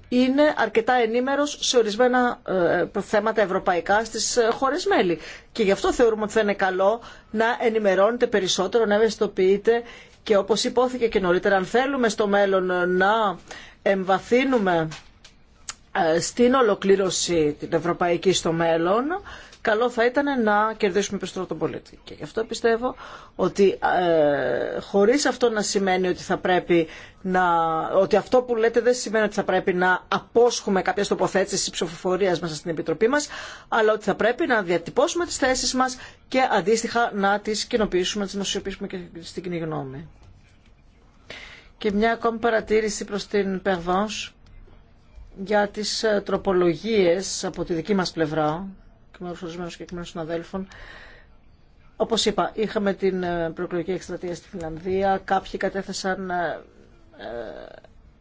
είναι αρκετά ενήμερος σε ορισμένα ε, θέματα ευρωπαϊκά στις ε, χώρες μέλη. Και γι' αυτό θεωρούμε ότι θα είναι καλό να ενημερώνεται περισσότερο, να ευαισθητοποιείται και όπως υπόθηκε και νωρίτερα, αν θέλουμε στο μέλλον να εμβαθύνουμε ε, στην ολοκλήρωση την ευρωπαϊκή στο μέλλον, καλό θα ήταν να κερδίσουμε περισσότερο τον πολίτη. Και γι' αυτό πιστεύω ότι ε, χωρίς αυτό να σημαίνει ότι θα πρέπει να... ότι αυτό που λέτε δεν σημαίνει ότι θα πρέπει να απόσχουμε κάποιες τοποθέτησεις ψηφοφορία μέσα στην Επιτροπή μας, αλλά ότι θα πρέπει να διατυπώσουμε τις θέσεις μας και αντίστοιχα να τις κοινοποιήσουμε, να τις νοσιοποιήσουμε και στην κοινή γνώμη. Και μια ακόμη παρατήρηση προς την Περβάνς για τις ε, τροπολογίες από τη δική μας πλευρά και με ορισμένου συγκεκριμένου συναδέλφων. Όπως είπα, είχαμε την ε, προεκλογική εκστρατεία στη Φιλανδία. Κάποιοι κατέθεσαν ε, ε,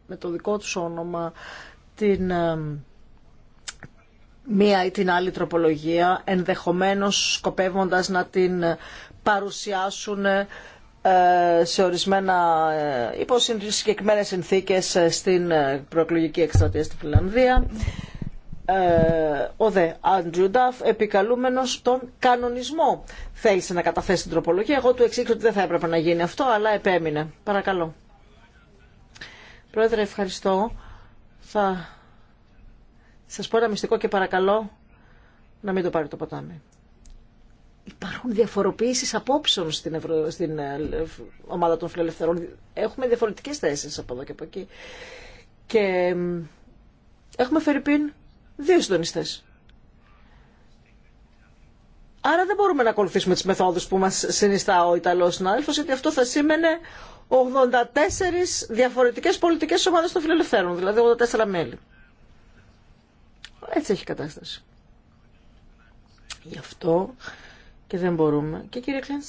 με το δικό τους όνομα την μία ή την άλλη τροπολογία, ενδεχομένως σκοπεύοντας να την παρουσιάσουν σε ορισμένα, υπό συγκεκριμένες συνθήκες στην προεκλογική εκστρατεία στη Φιλανδία. Ε, ο δε Άντριου Νταφ επικαλούμενος τον κανονισμό. Θέλησε να καταθέσει την τροπολογία. Εγώ του εξήγησα ότι δεν θα έπρεπε να γίνει αυτό, αλλά επέμεινε. Παρακαλώ. Πρόεδρε, ευχαριστώ. Θα σας πω ένα μυστικό και παρακαλώ να μην το πάρει το ποτάμι. Υπάρχουν διαφοροποιήσεις απόψεων στην, στην ε, ομάδα των φιλελευθερών. Έχουμε διαφορετικές θέσεις από εδώ και από εκεί. Και έχουμε φερειπίν δύο συντονιστέ. Άρα δεν μπορούμε να ακολουθήσουμε τις μεθόδους που μας συνιστά ο Ιταλός συνάδελφο, γιατί αυτό θα σήμαινε 84 διαφορετικές πολιτικές ομάδες των φιλελευθέρων, δηλαδή 84 μέλη. Έτσι έχει η κατάσταση. Γι' αυτό και δεν μπορούμε. Και κύριε Κλέντ,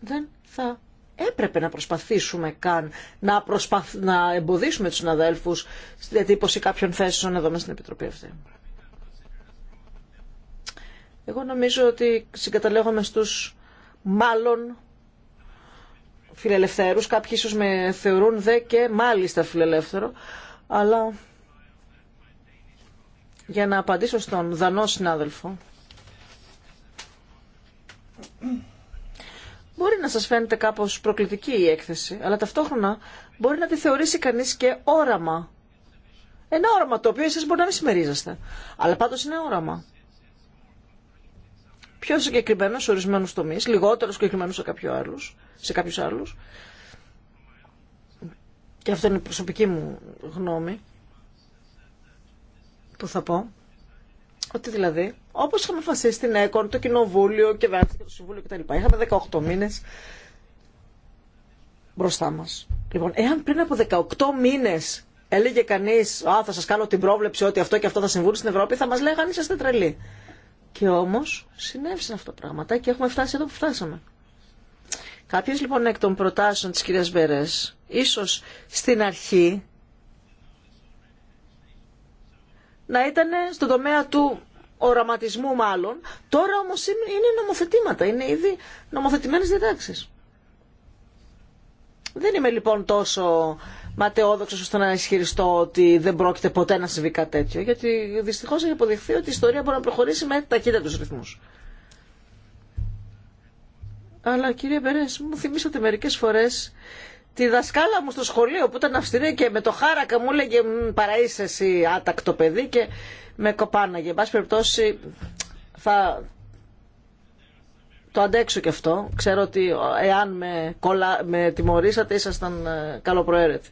δεν θα έπρεπε να προσπαθήσουμε καν να, προσπαθ... να εμποδίσουμε τους συναδέλφους στη διατύπωση κάποιων θέσεων εδώ μέσα στην Επιτροπή αυτή. Εγώ νομίζω ότι συγκαταλέγομαι στους μάλλον φιλελευθέρους. Κάποιοι ίσως με θεωρούν δε και μάλιστα φιλελεύθερο. Αλλά για να απαντήσω στον δανό συνάδελφο Μπορεί να σας φαίνεται κάπως προκλητική η έκθεση, αλλά ταυτόχρονα μπορεί να τη θεωρήσει κανείς και όραμα. Ένα όραμα το οποίο εσείς μπορεί να μην συμμερίζεστε, αλλά πάντως είναι όραμα. Πιο συγκεκριμένο σε ορισμένους τομείς, λιγότερο συγκεκριμένο σε, κάποιο άλλους, σε κάποιους άλλους. Και αυτό είναι η προσωπική μου γνώμη που θα πω. Ότι δηλαδή, όπω είχαμε αποφασίσει στην ΕΚΟΝ, το Κοινοβούλιο και βέβαια και το Συμβούλιο κτλ., είχαμε 18 μήνε μπροστά μα. Λοιπόν, εάν πριν από 18 μήνε έλεγε κανεί, Α, θα σα κάνω την πρόβλεψη ότι αυτό και αυτό θα συμβούν στην Ευρώπη, θα μα λέγανε είσαστε τρελοί. Και όμω συνέβησαν αυτά τα πράγματα και έχουμε φτάσει εδώ που φτάσαμε. Κάποιε λοιπόν εκ των προτάσεων τη κυρία Μπερέ, ίσω στην αρχή να ήταν στον τομέα του οραματισμού μάλλον. Τώρα όμως είναι νομοθετήματα, είναι ήδη νομοθετημένες διδάξεις. Δεν είμαι λοιπόν τόσο ματαιόδοξο ώστε να ισχυριστώ ότι δεν πρόκειται ποτέ να συμβεί κάτι τέτοιο. Γιατί δυστυχώ έχει αποδειχθεί ότι η ιστορία μπορεί να προχωρήσει με του ρυθμού. Αλλά κύριε Μπερέ, μου θυμίσατε μερικέ φορέ τη δασκάλα μου στο σχολείο που ήταν αυστηρή και με το χάρακα μου έλεγε παραείσαι εσύ άτακτο παιδί και με κοπάναγε. Εν πάση περιπτώσει θα το αντέξω και αυτό. Ξέρω ότι εάν με, κολα... με τιμωρήσατε ήσασταν ε, καλοπροαίρετοι.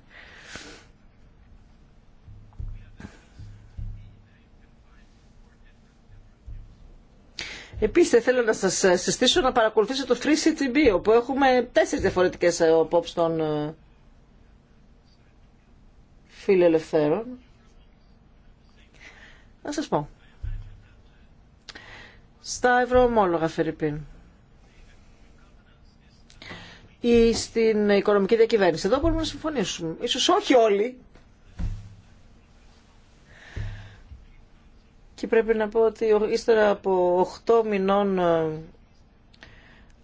Επίσης θέλω να σας συστήσω να παρακολουθήσετε το Free City όπου έχουμε τέσσερι διαφορετικέ ε, απόψει των ε, φιλελευθέρων. Να σα πω. Στα ευρωομόλογα, Φερρυπίν. Ή στην οικονομική διακυβέρνηση. Εδώ μπορούμε να συμφωνήσουμε. Ίσως όχι όλοι, Και πρέπει να πω ότι ύστερα από 8 μηνών ε,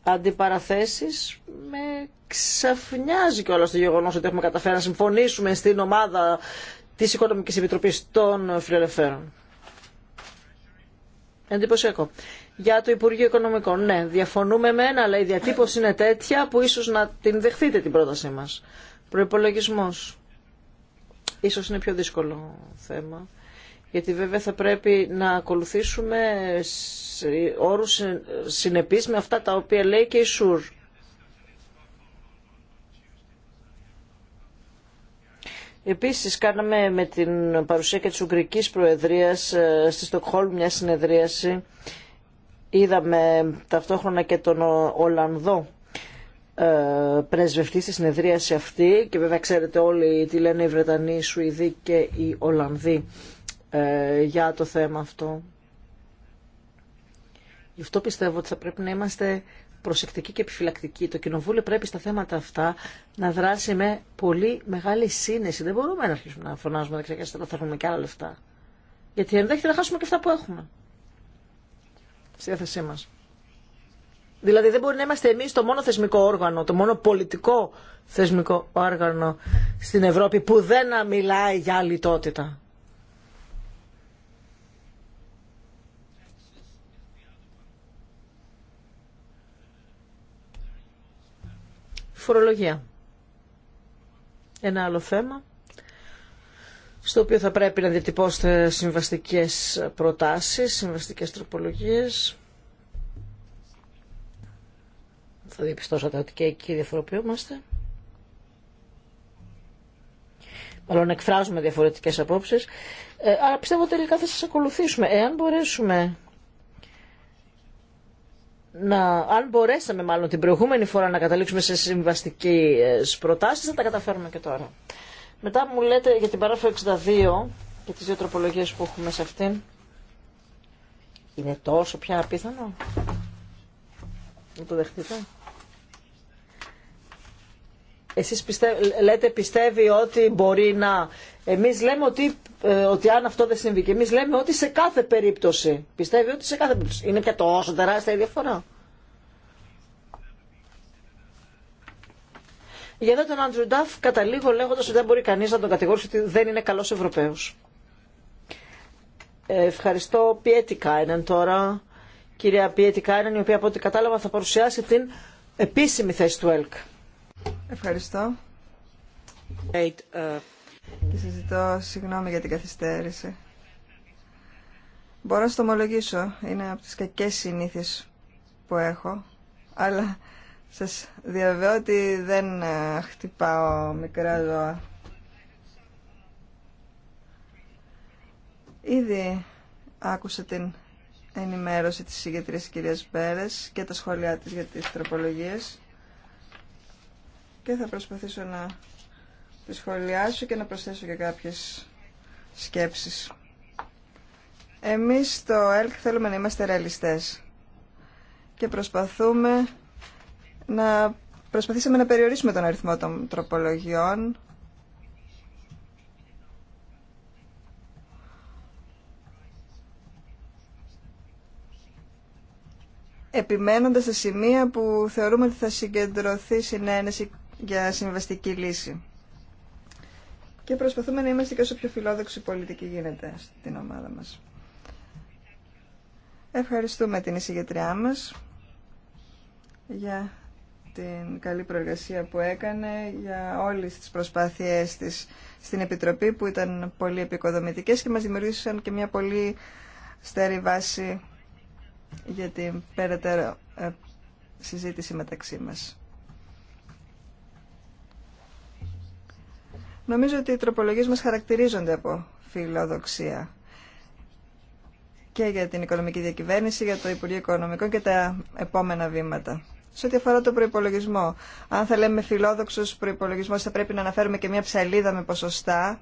αντιπαραθέσεις με ξαφνιάζει κιόλας το γεγονός ότι έχουμε καταφέρει να συμφωνήσουμε στην ομάδα της Οικονομικής Επιτροπής των Φιλελευθέρων. Εντυπωσιακό. Για το Υπουργείο Οικονομικών, ναι, διαφωνούμε με ένα, αλλά η διατύπωση είναι τέτοια που ίσως να την δεχτείτε την πρότασή μας. Προϋπολογισμός. Ίσως είναι πιο δύσκολο θέμα γιατί βέβαια θα πρέπει να ακολουθήσουμε όρους συνεπείς με αυτά τα οποία λέει και η ΣΟΥΡ. Επίσης κάναμε με την παρουσία και της Ουγγρικής Προεδρίας ε, στη Στοκχόλμ μια συνεδρίαση. Είδαμε ταυτόχρονα και τον Ολλανδό ε, πρεσβευτή στη συνεδρίαση αυτή και βέβαια ξέρετε όλοι τι λένε οι Βρετανοί, οι Σουηδοί και οι Ολλανδοί ε, για το θέμα αυτό. Γι' αυτό πιστεύω ότι θα πρέπει να είμαστε προσεκτικοί και επιφυλακτικοί. Το Κοινοβούλιο πρέπει στα θέματα αυτά να δράσει με πολύ μεγάλη σύνεση. Δεν μπορούμε να αρχίσουμε να φωνάζουμε δεξιά και αριστερά, θα έχουμε και άλλα λεφτά. Γιατί ενδέχεται να χάσουμε και αυτά που έχουμε στη διάθεσή μα. Δηλαδή δεν μπορεί να είμαστε εμεί το μόνο θεσμικό όργανο, το μόνο πολιτικό θεσμικό όργανο στην Ευρώπη που δεν μιλάει για λιτότητα. Φορολογία. Ένα άλλο θέμα στο οποίο θα πρέπει να διατυπώσετε συμβαστικές προτάσεις, συμβαστικές τροπολογίες. Θα διαπιστώσατε ότι και εκεί διαφοροποιούμαστε. Μάλλον εκφράζουμε διαφορετικές απόψεις. Ε, αλλά πιστεύω τελικά θα σας ακολουθήσουμε. Εάν μπορέσουμε να, αν μπορέσαμε μάλλον την προηγούμενη φορά να καταλήξουμε σε συμβαστικέ προτάσει, θα τα καταφέρουμε και τώρα. Μετά μου λέτε για την παράγραφο 62 και τις δύο τροπολογίε που έχουμε σε αυτήν. Είναι τόσο πια απίθανο. Μου το δεχτείτε. Εσείς λέτε πιστεύει ότι μπορεί να εμείς λέμε ότι, ε, ότι αν αυτό δεν συμβεί και εμείς λέμε ότι σε κάθε περίπτωση. Πιστεύει ότι σε κάθε περίπτωση. Είναι πια τόσο τεράστια η διαφορά. Για δε τον Άντρου Νταφ καταλήγω λέγοντας ότι δεν μπορεί κανείς να τον κατηγορήσει ότι δεν είναι καλός Ευρωπαίος. Ε, ευχαριστώ πιέτικα Κάινεν τώρα. Κυρία πιέτικα Κάινεν, η οποία από ό,τι κατάλαβα θα παρουσιάσει την επίσημη θέση του ΕΛΚ. Ευχαριστώ. Uh, και σας ζητώ συγγνώμη για την καθυστέρηση. Μπορώ να το ομολογήσω. Είναι από τις κακές συνήθειες που έχω. Αλλά σας διαβεβαιώ ότι δεν ε, χτυπάω μικρά ζώα. Ήδη άκουσα την ενημέρωση της συγκεκριτής κυρίας Μπέρες και τα σχόλιά της για τις τροπολογίες και θα προσπαθήσω να τη σχολιάσω και να προσθέσω και κάποιες σκέψεις. Εμείς στο ΕΛΚ θέλουμε να είμαστε ρεαλιστές και προσπαθούμε να προσπαθήσαμε να περιορίσουμε τον αριθμό των τροπολογιών επιμένοντας τα σημεία που θεωρούμε ότι θα συγκεντρωθεί συνένεση για συμβαστική λύση και προσπαθούμε να είμαστε και όσο πιο φιλόδοξοι πολιτικοί γίνεται στην ομάδα μας. Ευχαριστούμε την εισηγητριά μας για την καλή προεργασία που έκανε, για όλες τις προσπάθειές της στην Επιτροπή που ήταν πολύ επικοδομητικές και μας δημιουργήσαν και μια πολύ στέρη βάση για την περαιτέρω ε, συζήτηση μεταξύ μας. Νομίζω ότι οι τροπολογίες μας χαρακτηρίζονται από φιλοδοξία και για την οικονομική διακυβέρνηση, για το Υπουργείο Οικονομικών και τα επόμενα βήματα. Σε ό,τι αφορά το προπολογισμό, αν θα λέμε φιλόδοξο προπολογισμό, θα πρέπει να αναφέρουμε και μια ψαλίδα με ποσοστά.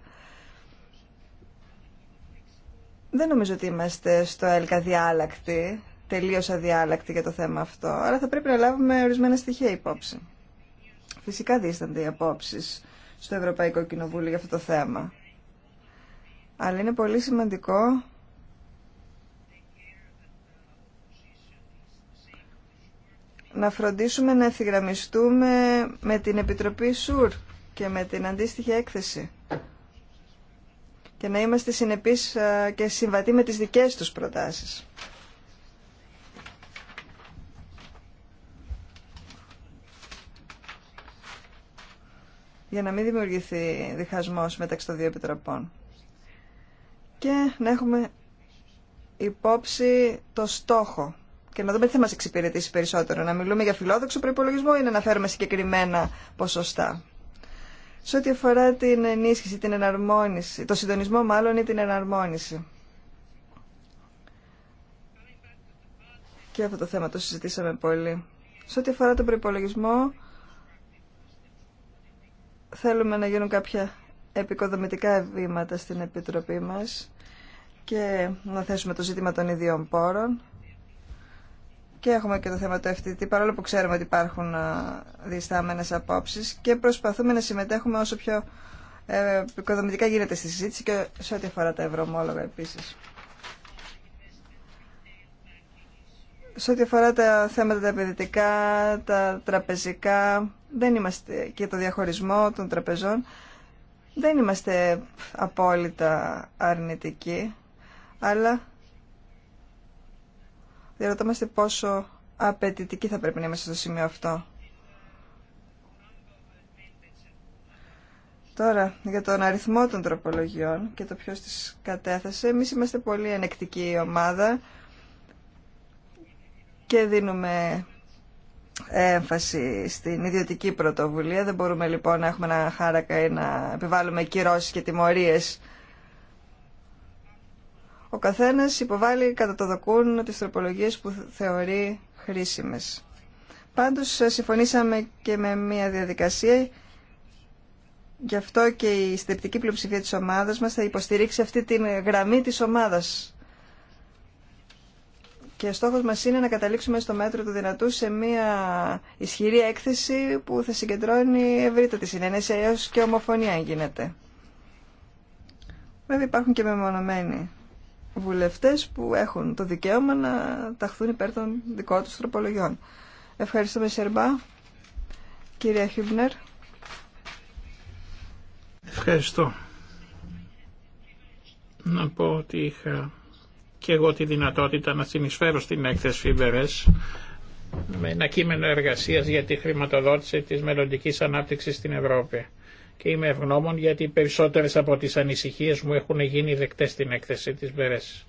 Δεν νομίζω ότι είμαστε στο ΕΛΚΑ διάλακτοι, τελείω αδιάλακτοι για το θέμα αυτό, αλλά θα πρέπει να λάβουμε ορισμένα στοιχεία υπόψη. Φυσικά δίστανται οι απόψει στο Ευρωπαϊκό Κοινοβούλιο για αυτό το θέμα. Αλλά είναι πολύ σημαντικό να φροντίσουμε να ευθυγραμμιστούμε με την Επιτροπή ΣΟΥΡ και με την αντίστοιχη έκθεση και να είμαστε συνεπείς ε, και συμβατοί με τις δικές τους προτάσεις. για να μην δημιουργηθεί διχασμός μεταξύ των δύο επιτροπών. Και να έχουμε υπόψη το στόχο και να δούμε τι θα μας εξυπηρετήσει περισσότερο. Να μιλούμε για φιλόδοξο προϋπολογισμό ή να αναφέρουμε συγκεκριμένα ποσοστά. Σε ό,τι αφορά την ενίσχυση, την εναρμόνιση, το συντονισμό μάλλον ή την εναρμόνιση. Και αυτό το θέμα το συζητήσαμε πολύ. Σε ό,τι αφορά τον προϋπολογισμό, θέλουμε να γίνουν κάποια επικοδομητικά βήματα στην Επιτροπή μας και να θέσουμε το ζήτημα των ιδιών πόρων και έχουμε και το θέμα του FTT παρόλο που ξέρουμε ότι υπάρχουν διστάμενες απόψεις και προσπαθούμε να συμμετέχουμε όσο πιο ε, επικοδομητικά γίνεται στη συζήτηση και σε ό,τι αφορά τα ευρωομόλογα επίσης. σε ό,τι αφορά τα θέματα τα επενδυτικά, τα τραπεζικά, δεν είμαστε και το διαχωρισμό των τραπεζών, δεν είμαστε απόλυτα αρνητικοί, αλλά διαρωτόμαστε πόσο απαιτητικοί θα πρέπει να είμαστε στο σημείο αυτό. Τώρα, για τον αριθμό των τροπολογιών και το ποιος τις κατέθεσε, εμείς είμαστε πολύ ενεκτική ομάδα και δίνουμε έμφαση στην ιδιωτική πρωτοβουλία. Δεν μπορούμε λοιπόν να έχουμε ένα χάρακα ή να επιβάλλουμε κυρώσει και τιμωρίε. Ο καθένας υποβάλλει κατά το δοκούν τις τροπολογίε που θεωρεί χρήσιμες. Πάντως συμφωνήσαμε και με μια διαδικασία Γι' αυτό και η στεπτική πλειοψηφία της ομάδας μας θα υποστηρίξει αυτή τη γραμμή της ομάδας και στόχος μας είναι να καταλήξουμε στο μέτρο του δυνατού σε μια ισχυρή έκθεση που θα συγκεντρώνει ευρύτατη συνένεση έως και ομοφωνία γίνεται. Βέβαια υπάρχουν και μεμονωμένοι βουλευτές που έχουν το δικαίωμα να ταχθούν υπέρ των δικών τους τροπολογιών. Ευχαριστούμε Σερμπά. Κυρία Χιμπνερ. Ευχαριστώ. Να πω ότι είχα και εγώ τη δυνατότητα να συνεισφέρω στην έκθεση Βερές με ένα κείμενο εργασίας για τη χρηματοδότηση της μελλοντική ανάπτυξης στην Ευρώπη. Και είμαι ευγνώμων γιατί περισσότερες από τις ανησυχίες μου έχουν γίνει δεκτές στην έκθεση της Βερές.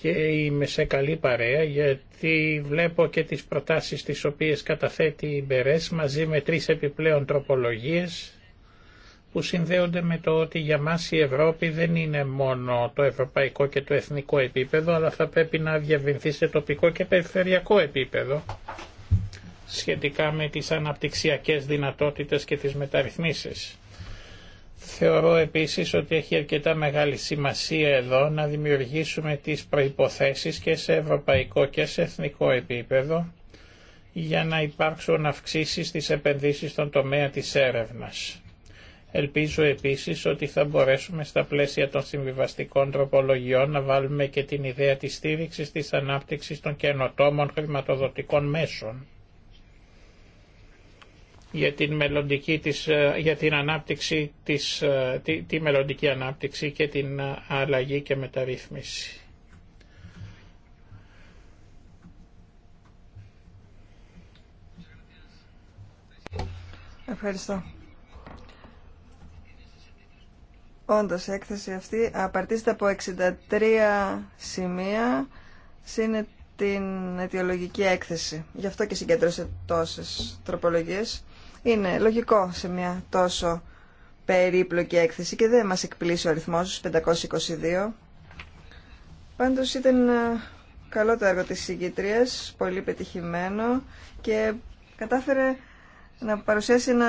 Και είμαι σε καλή παρέα γιατί βλέπω και τις προτάσεις τις οποίες καταθέτει η Μπερές μαζί με τρεις επιπλέον τροπολογίες που συνδέονται με το ότι για μας η Ευρώπη δεν είναι μόνο το ευρωπαϊκό και το εθνικό επίπεδο, αλλά θα πρέπει να διαβυνθεί σε τοπικό και περιφερειακό επίπεδο σχετικά με τις αναπτυξιακές δυνατότητες και τις μεταρρυθμίσεις. Θεωρώ επίσης ότι έχει αρκετά μεγάλη σημασία εδώ να δημιουργήσουμε τις προϋποθέσεις και σε ευρωπαϊκό και σε εθνικό επίπεδο για να υπάρξουν αυξήσεις στις επενδύσεις στον τομέα της έρευνας. Ελπίζω επίσης ότι θα μπορέσουμε στα πλαίσια των συμβιβαστικών τροπολογιών να βάλουμε και την ιδέα της στήριξης της ανάπτυξης των καινοτόμων χρηματοδοτικών μέσων για την, μελλοντική της, ε, για την ανάπτυξη της, ε, τη, τη μελλοντική ανάπτυξη και την ε, αλλαγή και μεταρρύθμιση. Ευχαριστώ. Όντως, η έκθεση αυτή απαρτίζεται από 63 σημεία, είναι την αιτιολογική έκθεση. Γι' αυτό και συγκέντρωσε τόσες τροπολογίες. Είναι λογικό σε μια τόσο περίπλοκη έκθεση και δεν μας εκπλήσει ο αριθμός 522. Πάντως ήταν ε, καλό το έργο της συγκήτριας, πολύ πετυχημένο και κατάφερε να παρουσιάσει ένα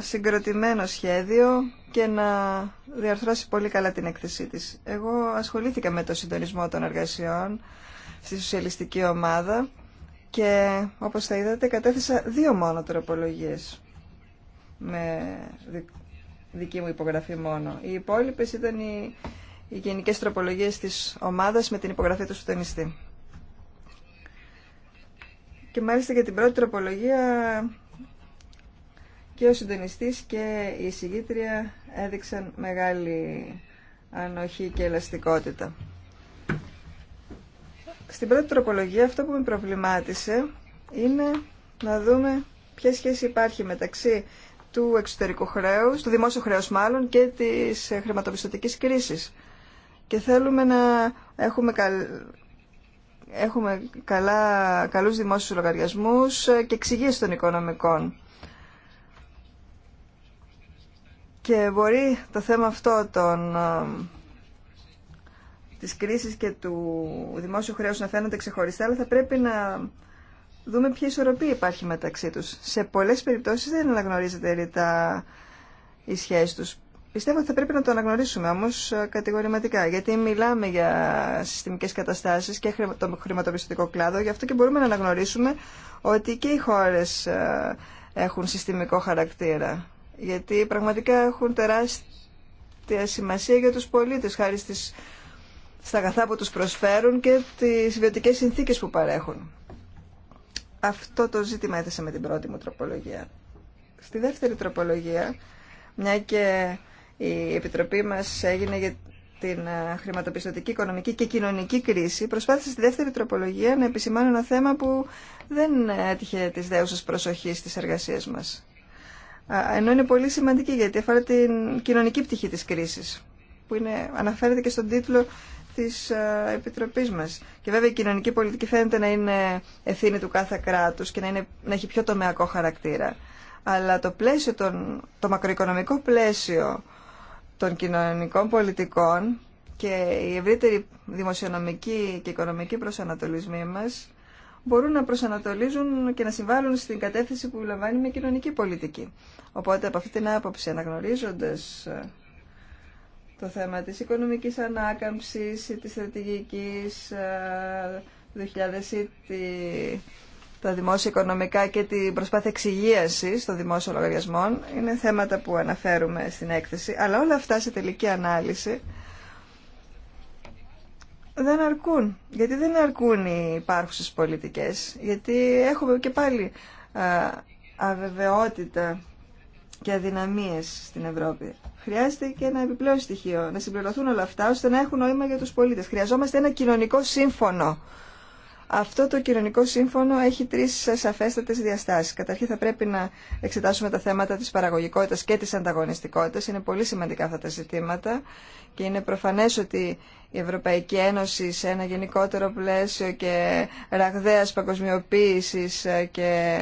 συγκροτημένο σχέδιο και να διαρθρώσει πολύ καλά την έκθεσή της. Εγώ ασχολήθηκα με το συντονισμό των εργασιών στη σοσιαλιστική ομάδα και όπως θα είδατε κατέθεσα δύο μόνο τροπολογίες με δική μου υπογραφή μόνο. Οι υπόλοιπε ήταν οι, οι γενικές τροπολογίες της ομάδας με την υπογραφή του συντονιστή. Και μάλιστα για την πρώτη τροπολογία και ο συντονιστής και η συγγήτρια έδειξαν μεγάλη ανοχή και ελαστικότητα. Στην πρώτη τροπολογία αυτό που με προβλημάτισε είναι να δούμε ποια σχέση υπάρχει μεταξύ του εξωτερικού χρέους, του δημόσιου χρέους μάλλον και της χρηματοπιστωτικής κρίσης. Και θέλουμε να έχουμε, καλ... έχουμε καλά... καλούς δημόσιους λογαριασμούς και εξηγήσεις των οικονομικών. Και μπορεί το θέμα αυτό των, ε, της κρίσης και του δημόσιου χρέους να φαίνονται ξεχωριστά, αλλά θα πρέπει να δούμε ποια ισορροπία υπάρχει μεταξύ τους. Σε πολλές περιπτώσεις δεν αναγνωρίζεται ρητά η σχέση τους. Πιστεύω ότι θα πρέπει να το αναγνωρίσουμε όμως ε, κατηγορηματικά, γιατί μιλάμε για συστημικές καταστάσεις και το χρηματοπιστωτικό κλάδο, γι' αυτό και μπορούμε να αναγνωρίσουμε ότι και οι χώρες ε, έχουν συστημικό χαρακτήρα γιατί πραγματικά έχουν τεράστια σημασία για τους πολίτες χάρη στις, στα αγαθά που τους προσφέρουν και τις βιωτικές συνθήκες που παρέχουν. Αυτό το ζήτημα έθεσα με την πρώτη μου τροπολογία. Στη δεύτερη τροπολογία, μια και η Επιτροπή μας έγινε για την ε, χρηματοπιστωτική, οικονομική και κοινωνική κρίση, προσπάθησε στη δεύτερη τροπολογία να επισημάνω ένα θέμα που δεν έτυχε της δέουσας προσοχής της εργασίας μας ενώ είναι πολύ σημαντική γιατί αφορά την κοινωνική πτυχή της κρίσης που είναι, αναφέρεται και στον τίτλο της Επιτροπής μας. Και βέβαια η κοινωνική πολιτική φαίνεται να είναι ευθύνη του κάθε κράτους και να, είναι, να έχει πιο τομεακό χαρακτήρα. Αλλά το, πλαίσιο των, το μακροοικονομικό πλαίσιο των κοινωνικών πολιτικών και η ευρύτερη δημοσιονομική και οικονομική προσανατολισμή μας μπορούν να προσανατολίζουν και να συμβάλλουν στην κατεύθυνση που λαμβάνει μια κοινωνική πολιτική. Οπότε από αυτή την άποψη αναγνωρίζοντας ε, το θέμα της οικονομικής ανάκαμψης, της στρατηγικής 2020, ε, τα δημόσια οικονομικά και την προσπάθεια εξυγίαση των δημόσιων λογαριασμών είναι θέματα που αναφέρουμε στην έκθεση, αλλά όλα αυτά σε τελική ανάλυση δεν αρκούν. Γιατί δεν αρκούν οι υπάρχουσε πολιτικέ. Γιατί έχουμε και πάλι αβεβαιότητα και αδυναμίες στην Ευρώπη. Χρειάζεται και ένα επιπλέον στοιχείο, να συμπληρωθούν όλα αυτά ώστε να έχουν νόημα για τους πολίτες. Χρειαζόμαστε ένα κοινωνικό σύμφωνο αυτό το κοινωνικό σύμφωνο έχει τρεις σαφέστατε διαστάσεις. Καταρχήν θα πρέπει να εξετάσουμε τα θέματα της παραγωγικότητας και της ανταγωνιστικότητα. Είναι πολύ σημαντικά αυτά τα ζητήματα και είναι προφανές ότι η Ευρωπαϊκή Ένωση σε ένα γενικότερο πλαίσιο και ραγδαία παγκοσμιοποίησης και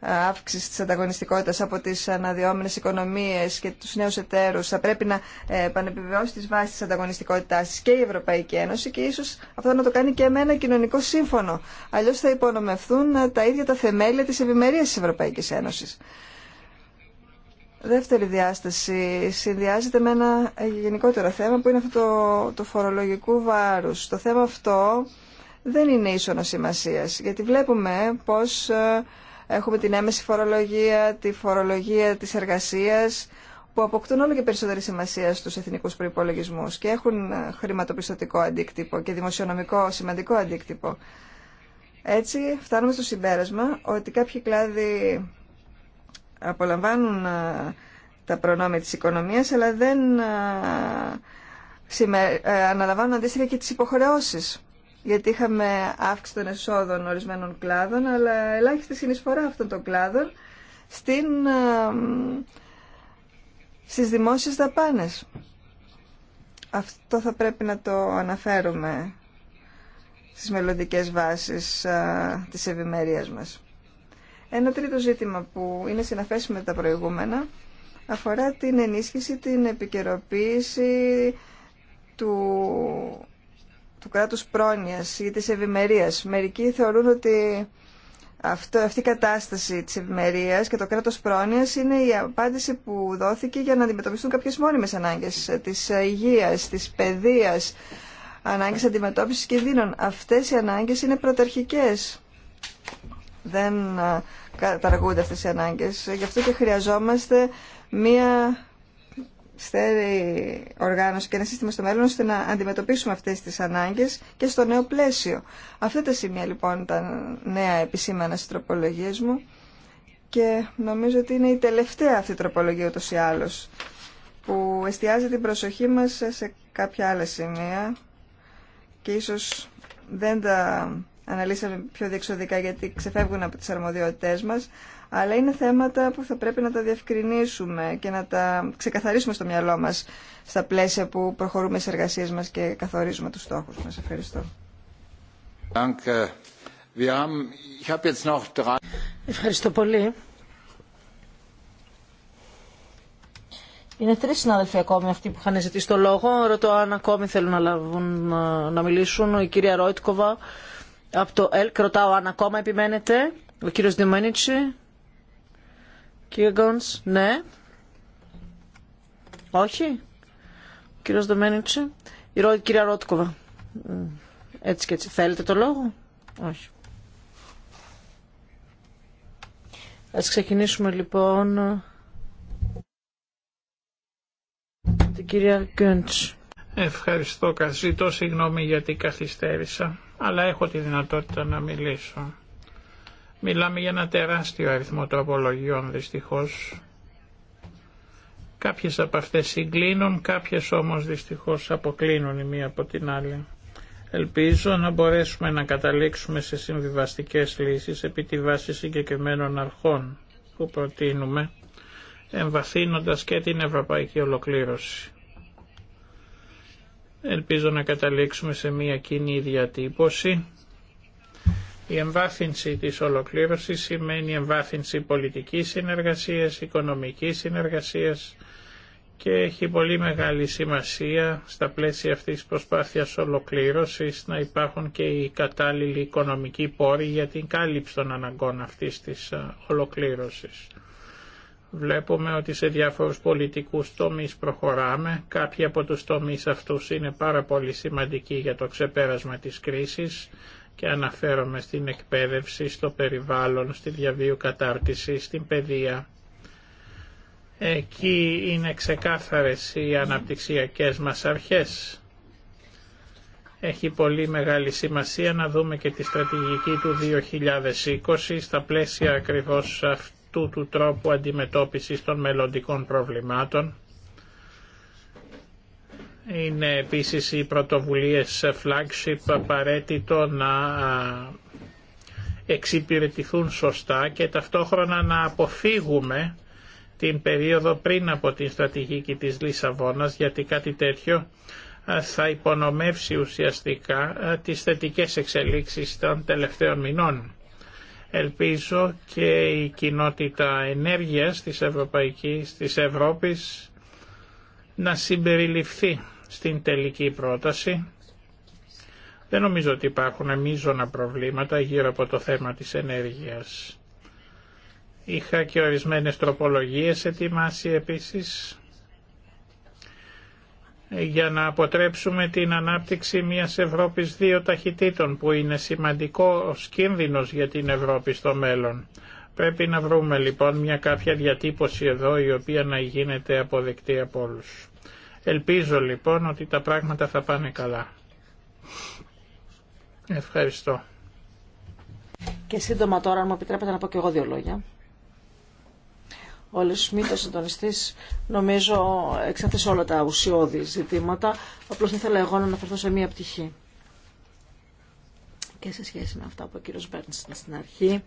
αύξηση της ανταγωνιστικότητας από τις αναδυόμενες οικονομίες και τους νέους εταίρους θα πρέπει να επανεπιβεβαιώσει τις βάσεις της ανταγωνιστικότητάς και η Ευρωπαϊκή Ένωση και ίσως αυτό να το κάνει και με ένα κοινωνικό σύμφωνο. Αλλιώς θα υπονομευθούν ε, τα ίδια τα θεμέλια της ευημερίας της Ευρωπαϊκής Ένωσης. Δεύτερη διάσταση συνδυάζεται με ένα γενικότερο θέμα που είναι αυτό το, το φορολογικού βάρους. Το θέμα αυτό δεν είναι ίσονο σημασία, γιατί βλέπουμε πως ε, Έχουμε την έμεση φορολογία, τη φορολογία της εργασίας, που αποκτούν όλο και περισσότερη σημασία στους εθνικούς προϋπολογισμούς και έχουν ε, χρηματοπιστωτικό αντίκτυπο και δημοσιονομικό σημαντικό αντίκτυπο. Έτσι φτάνουμε στο συμπέρασμα ότι κάποιοι κλάδοι απολαμβάνουν ε, τα προνόμια της οικονομίας αλλά δεν ε, αναλαμβάνουν αντίστοιχα και τις υποχρεώσεις γιατί είχαμε αύξηση των εσόδων ορισμένων κλάδων, αλλά ελάχιστη συνεισφορά αυτών των κλάδων στην, ε, στις δημόσιες δαπάνες. Αυτό θα πρέπει να το αναφέρουμε στις μελλοντικές βάσεις ε, της ευημερίας μας. Ένα τρίτο ζήτημα που είναι συναφές με τα προηγούμενα αφορά την ενίσχυση, την επικαιροποίηση του του κράτους πρόνοιας ή της ευημερία. Μερικοί θεωρούν ότι αυτό, αυτή η κατάσταση της ευημερία και το κράτος πρόνοιας είναι η απάντηση που δόθηκε για να αντιμετωπιστούν κάποιες μόνιμες ανάγκες της υγείας, της παιδείας, ανάγκες αντιμετώπισης κινδύνων. Αυτές οι ανάγκες είναι πρωταρχικές. Δεν ε, καταργούνται αυτές οι ανάγκες. Γι' αυτό και χρειαζόμαστε μία στέρεη οργάνωση και ένα σύστημα στο μέλλον ώστε να αντιμετωπίσουμε αυτές τις ανάγκες και στο νέο πλαίσιο. Αυτά τα σημεία λοιπόν τα νέα επισήμανα στις τροπολογίες μου και νομίζω ότι είναι η τελευταία αυτή τροπολογία ούτως ή άλλως που εστιάζει την προσοχή μας σε κάποια άλλα σημεία και ίσως δεν τα αναλύσαμε πιο διεξοδικά γιατί ξεφεύγουν από τις αρμοδιότητές μας αλλά είναι θέματα που θα πρέπει να τα διευκρινίσουμε και να τα ξεκαθαρίσουμε στο μυαλό μας στα πλαίσια που προχωρούμε στις εργασίες μας και καθορίζουμε τους στόχους μας. Ευχαριστώ. Ευχαριστώ πολύ. Είναι τρεις συνάδελφοι ακόμη αυτοί που είχαν ζητήσει το λόγο. Ρωτώ αν ακόμη θέλουν να, λάβουν, ε, να μιλήσουν. Η κυρία Ρόιτκοβα από το ΕΛΚ. Ρωτάω αν ακόμα επιμένετε. Ο κύριος Δημένιτσι. Κύριε Γκόνς, ναι. Όχι. Κύριος Δομένιτσι. Η κυρία Ρότκοβα. Έτσι και έτσι. Θέλετε το λόγο. Όχι. Ας ξεκινήσουμε λοιπόν την κυρία Γκέντς. Ευχαριστώ. Ζητώ συγγνώμη γιατί καθυστέρησα, αλλά έχω τη δυνατότητα να μιλήσω. Μιλάμε για ένα τεράστιο αριθμό τροπολογιών δυστυχώς. Κάποιες από αυτές συγκλίνουν, κάποιες όμως δυστυχώς αποκλίνουν η μία από την άλλη. Ελπίζω να μπορέσουμε να καταλήξουμε σε συμβιβαστικές λύσεις επί τη βάση συγκεκριμένων αρχών που προτείνουμε, εμβαθύνοντας και την ευρωπαϊκή ολοκλήρωση. Ελπίζω να καταλήξουμε σε μία κοινή διατύπωση η εμβάθυνση της ολοκλήρωσης σημαίνει εμβάθυνση πολιτικής συνεργασίας, οικονομικής συνεργασίας και έχει πολύ μεγάλη σημασία στα πλαίσια αυτής της προσπάθειας ολοκλήρωσης να υπάρχουν και οι κατάλληλοι οικονομικοί πόροι για την κάλυψη των αναγκών αυτής της ε, ολοκλήρωσης. Βλέπουμε ότι σε διάφορους πολιτικούς τομείς προχωράμε. Κάποιοι από τους τομείς αυτούς είναι πάρα πολύ σημαντικοί για το ξεπέρασμα της κρίσης και αναφέρομαι στην εκπαίδευση, στο περιβάλλον, στη διαβίου κατάρτιση, στην παιδεία. Εκεί είναι ξεκάθαρες οι αναπτυξιακές μας αρχές. Έχει πολύ μεγάλη σημασία να δούμε και τη στρατηγική του 2020 στα πλαίσια ακριβώς αυτού του τρόπου αντιμετώπισης των μελλοντικών προβλημάτων είναι επίσης οι πρωτοβουλίες flagship απαραίτητο να εξυπηρετηθούν σωστά και ταυτόχρονα να αποφύγουμε την περίοδο πριν από την στρατηγική της Λισαβόνας γιατί κάτι τέτοιο θα υπονομεύσει ουσιαστικά τις θετικές εξελίξεις των τελευταίων μηνών. Ελπίζω και η κοινότητα ενέργειας της Ευρωπαϊκής, της Ευρώπης να συμπεριληφθεί στην τελική πρόταση. Δεν νομίζω ότι υπάρχουν μείζωνα προβλήματα γύρω από το θέμα της ενέργειας. Είχα και ορισμένες τροπολογίες ετοιμάσει επίσης για να αποτρέψουμε την ανάπτυξη μιας Ευρώπης δύο ταχυτήτων που είναι σημαντικό κίνδυνος για την Ευρώπη στο μέλλον. Πρέπει να βρούμε λοιπόν μια κάποια διατύπωση εδώ η οποία να γίνεται αποδεκτή από όλους. Ελπίζω λοιπόν ότι τα πράγματα θα πάνε καλά. Ευχαριστώ. Και σύντομα τώρα, αν μου επιτρέπετε να πω και εγώ δύο λόγια. Ο Λεσμίτ, ο συντονιστή, νομίζω εξέθεσε όλα τα ουσιώδη ζητήματα. Απλώ ήθελα εγώ να αναφερθώ σε μία πτυχή. Και σε σχέση με αυτά που ο κύριο ήταν στην αρχή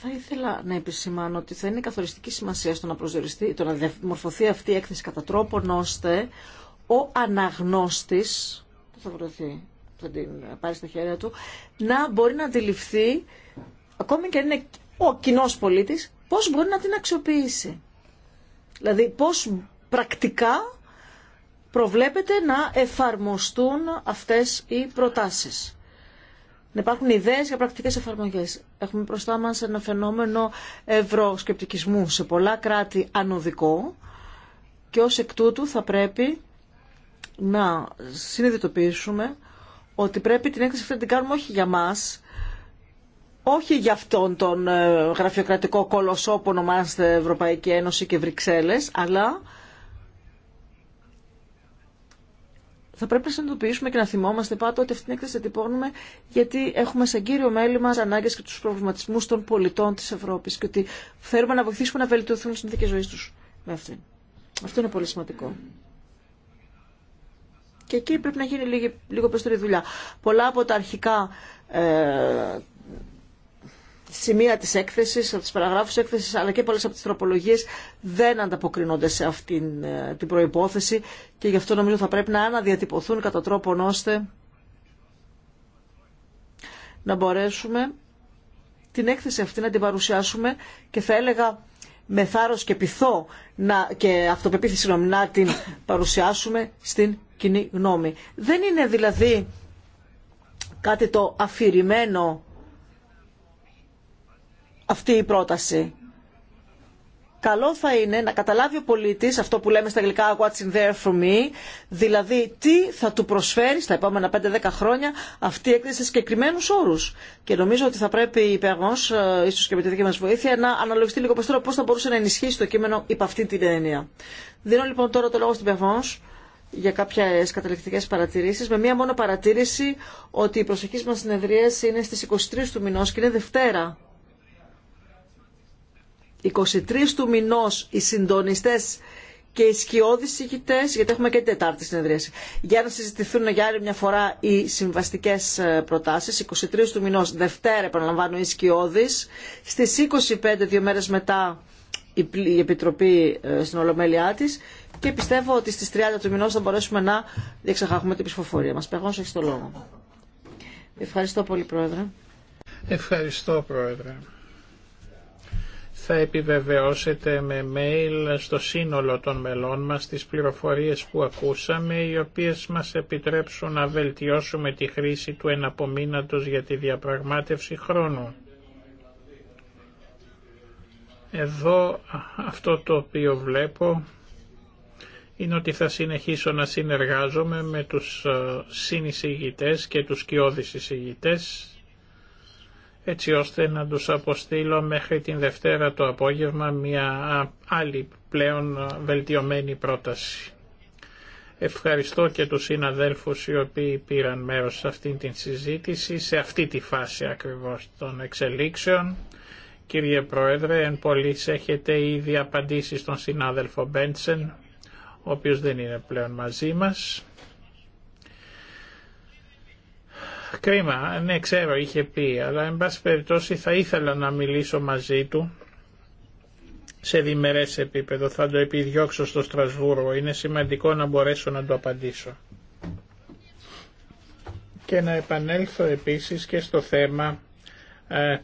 θα ήθελα να επισημάνω ότι θα είναι καθοριστική σημασία στο να προσδιοριστεί, το να διαμορφωθεί αυτή η έκθεση κατά τρόπο ώστε ο αναγνώστης που θα βρεθεί, θα την πάρει στα χέρια του, να μπορεί να αντιληφθεί, ακόμη και αν είναι ο κοινό πολίτη, πώς μπορεί να την αξιοποιήσει. Δηλαδή πώς πρακτικά προβλέπεται να εφαρμοστούν αυτές οι προτάσεις να υπάρχουν ιδέες για πρακτικές εφαρμογές. Έχουμε μπροστά μα ένα φαινόμενο ευρωσκεπτικισμού σε πολλά κράτη ανωδικό και ως εκ τούτου θα πρέπει να συνειδητοποιήσουμε ότι πρέπει την έκθεση αυτή να την κάνουμε όχι για μα, όχι για αυτόν τον ε, γραφειοκρατικό κολοσσό που ονομάζεται Ευρωπαϊκή Ένωση και Βρυξέλλες, αλλά θα πρέπει να συνειδητοποιήσουμε και να θυμόμαστε πάντα ότι αυτήν την έκθεση τυπώνουμε γιατί έχουμε σαν κύριο μέλη μα ανάγκε και του προβληματισμού των πολιτών τη Ευρώπη και ότι θέλουμε να βοηθήσουμε να βελτιωθούν οι συνθήκε ζωή του με αυτήν. Αυτό είναι πολύ σημαντικό. Και εκεί πρέπει να γίνει λίγο, λίγο περισσότερη δουλειά. Πολλά από τα αρχικά ε, σημεία της έκθεσης, από τις παραγράφους έκθεσης, αλλά και πολλές από τις τροπολογίες δεν ανταποκρίνονται σε αυτήν ε, την προϋπόθεση και γι' αυτό νομίζω θα πρέπει να αναδιατυπωθούν κατά τρόπον ώστε να μπορέσουμε την έκθεση αυτή να την παρουσιάσουμε και θα έλεγα με θάρρος και πειθό να, και αυτοπεποίθηση να την παρουσιάσουμε στην κοινή γνώμη. Δεν είναι δηλαδή κάτι το αφηρημένο αυτή η πρόταση. Καλό θα είναι να καταλάβει ο πολίτης αυτό που λέμε στα αγγλικά what's in there for me, δηλαδή τι θα του προσφέρει στα επόμενα 5-10 χρόνια αυτή η έκθεση σε συγκεκριμένου όρου. Και νομίζω ότι θα πρέπει η Πεγός, ε, ίσω και με τη δική μα βοήθεια, να αναλογιστεί λίγο περισσότερο πώ θα μπορούσε να ενισχύσει το κείμενο υπ' αυτή την έννοια. Δίνω λοιπόν τώρα το λόγο στην Πεγός για κάποιε καταληκτικές παρατηρήσει με μία μόνο παρατήρηση ότι η προσοχή μα συνεδρίε είναι στι 23 του μηνό και είναι Δευτέρα. 23 του μηνό, οι συντονιστέ και οι σκιώδει ηγητέ, γιατί έχουμε και τετάρτη συνεδρίαση, για να συζητηθούν για άλλη μια φορά οι συμβαστικές ε, προτάσεις. 23 του μηνό Δευτέρα, επαναλαμβάνω, οι σκιώδει. Στις 25, δύο μέρε μετά, η Επιτροπή ε, στην Ολομέλειά τη, Και πιστεύω ότι στις 30 του μηνό θα μπορέσουμε να διεξαχάχουμε την ψηφοφορία μα Πεγόν, έχει το λόγο. Ευχαριστώ πολύ, Πρόεδρε. Ευχαριστώ, Πρόεδρε θα επιβεβαιώσετε με mail στο σύνολο των μελών μας τις πληροφορίες που ακούσαμε, οι οποίες μας επιτρέψουν να βελτιώσουμε τη χρήση του εναπομείνατος για τη διαπραγμάτευση χρόνου. Εδώ αυτό το οποίο βλέπω είναι ότι θα συνεχίσω να συνεργάζομαι με τους ε, συνεισηγητές και τους κοιόδης εισηγητές έτσι ώστε να τους αποστείλω μέχρι την Δευτέρα το απόγευμα μια άλλη πλέον βελτιωμένη πρόταση. Ευχαριστώ και τους συναδέλφους οι οποίοι πήραν μέρος σε αυτήν την συζήτηση, σε αυτή τη φάση ακριβώς των εξελίξεων. Κύριε Πρόεδρε, εν πολλής έχετε ήδη απαντήσει στον συνάδελφο Μπέντσεν, ο οποίος δεν είναι πλέον μαζί μας. Κρίμα, ναι ξέρω είχε πει, αλλά εν πάση περιπτώσει θα ήθελα να μιλήσω μαζί του σε διμερές επίπεδο, θα το επιδιώξω στο Στρασβούργο, είναι σημαντικό να μπορέσω να το απαντήσω. Και να επανέλθω επίσης και στο θέμα ε,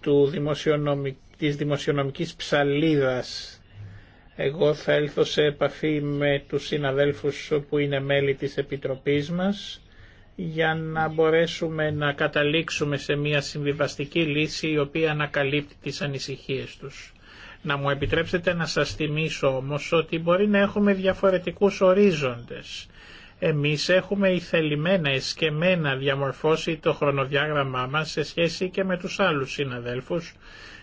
του δημοσιονομικ... της δημοσιονομικής ψαλίδας εγώ θα έλθω σε επαφή με τους συναδέλφους που είναι μέλη της Επιτροπής μας για να μπορέσουμε να καταλήξουμε σε μια συμβιβαστική λύση η οποία ανακαλύπτει τις ανησυχίες τους. Να μου επιτρέψετε να σας θυμίσω όμως ότι μπορεί να έχουμε διαφορετικούς ορίζοντες. Εμείς έχουμε ηθελημένα, εσκεμένα διαμορφώσει το χρονοδιάγραμμά μας σε σχέση και με τους άλλους συναδέλφους,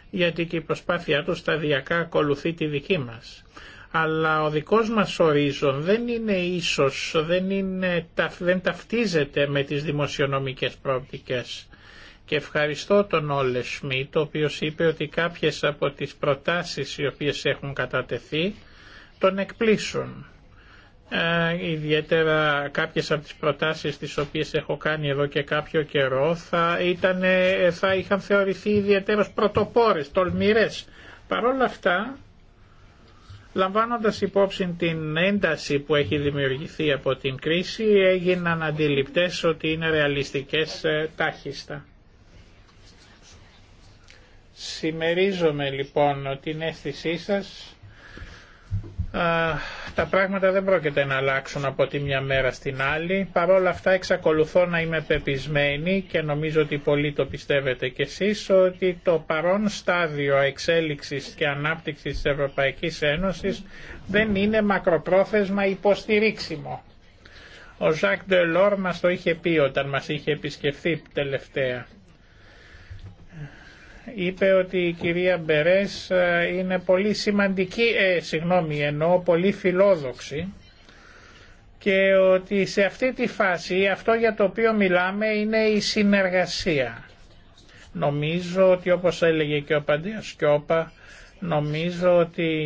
γιατί και η προσπάθειά τους σταδιακά ακολουθεί τη δική μας αλλά ο δικός μας ορίζον δεν είναι ίσως, δεν, είναι, δεν ταυτίζεται με τις δημοσιονομικές πρόπτικες. Και ευχαριστώ τον Όλε Σμιτ, ο οποίο είπε ότι κάποιε από τι προτάσει οι οποίες έχουν κατατεθεί τον εκπλήσουν. Ε, ιδιαίτερα κάποιε από τι προτάσει τι οποίες έχω κάνει εδώ και κάποιο καιρό θα, ήταν, είχαν θεωρηθεί ιδιαίτερω πρωτοπόρε τολμηρέ. Παρ' όλα αυτά Λαμβάνοντας υπόψη την ένταση που έχει δημιουργηθεί από την κρίση έγιναν αντιληπτές ότι είναι ρεαλιστικές ε, τάχιστα. Σημερίζομαι λοιπόν την αίσθησή σας τα πράγματα δεν πρόκειται να αλλάξουν από τη μια μέρα στην άλλη. Παρ' όλα αυτά εξακολουθώ να είμαι πεπισμένη και νομίζω ότι πολλοί το πιστεύετε κι εσείς ότι το παρόν στάδιο εξέλιξης και ανάπτυξης της Ευρωπαϊκής Ένωσης δεν είναι μακροπρόθεσμα υποστηρίξιμο. Ο Ζακ Ντελόρ μας το είχε πει όταν μας είχε επισκεφθεί τελευταία είπε ότι η κυρία Μπερές ε, είναι πολύ σημαντική, ε, συγγνώμη, πολύ φιλόδοξη και ότι σε αυτή τη φάση αυτό για το οποίο μιλάμε είναι η συνεργασία. Νομίζω ότι όπως έλεγε και ο Παντίας Κιώπα, νομίζω ότι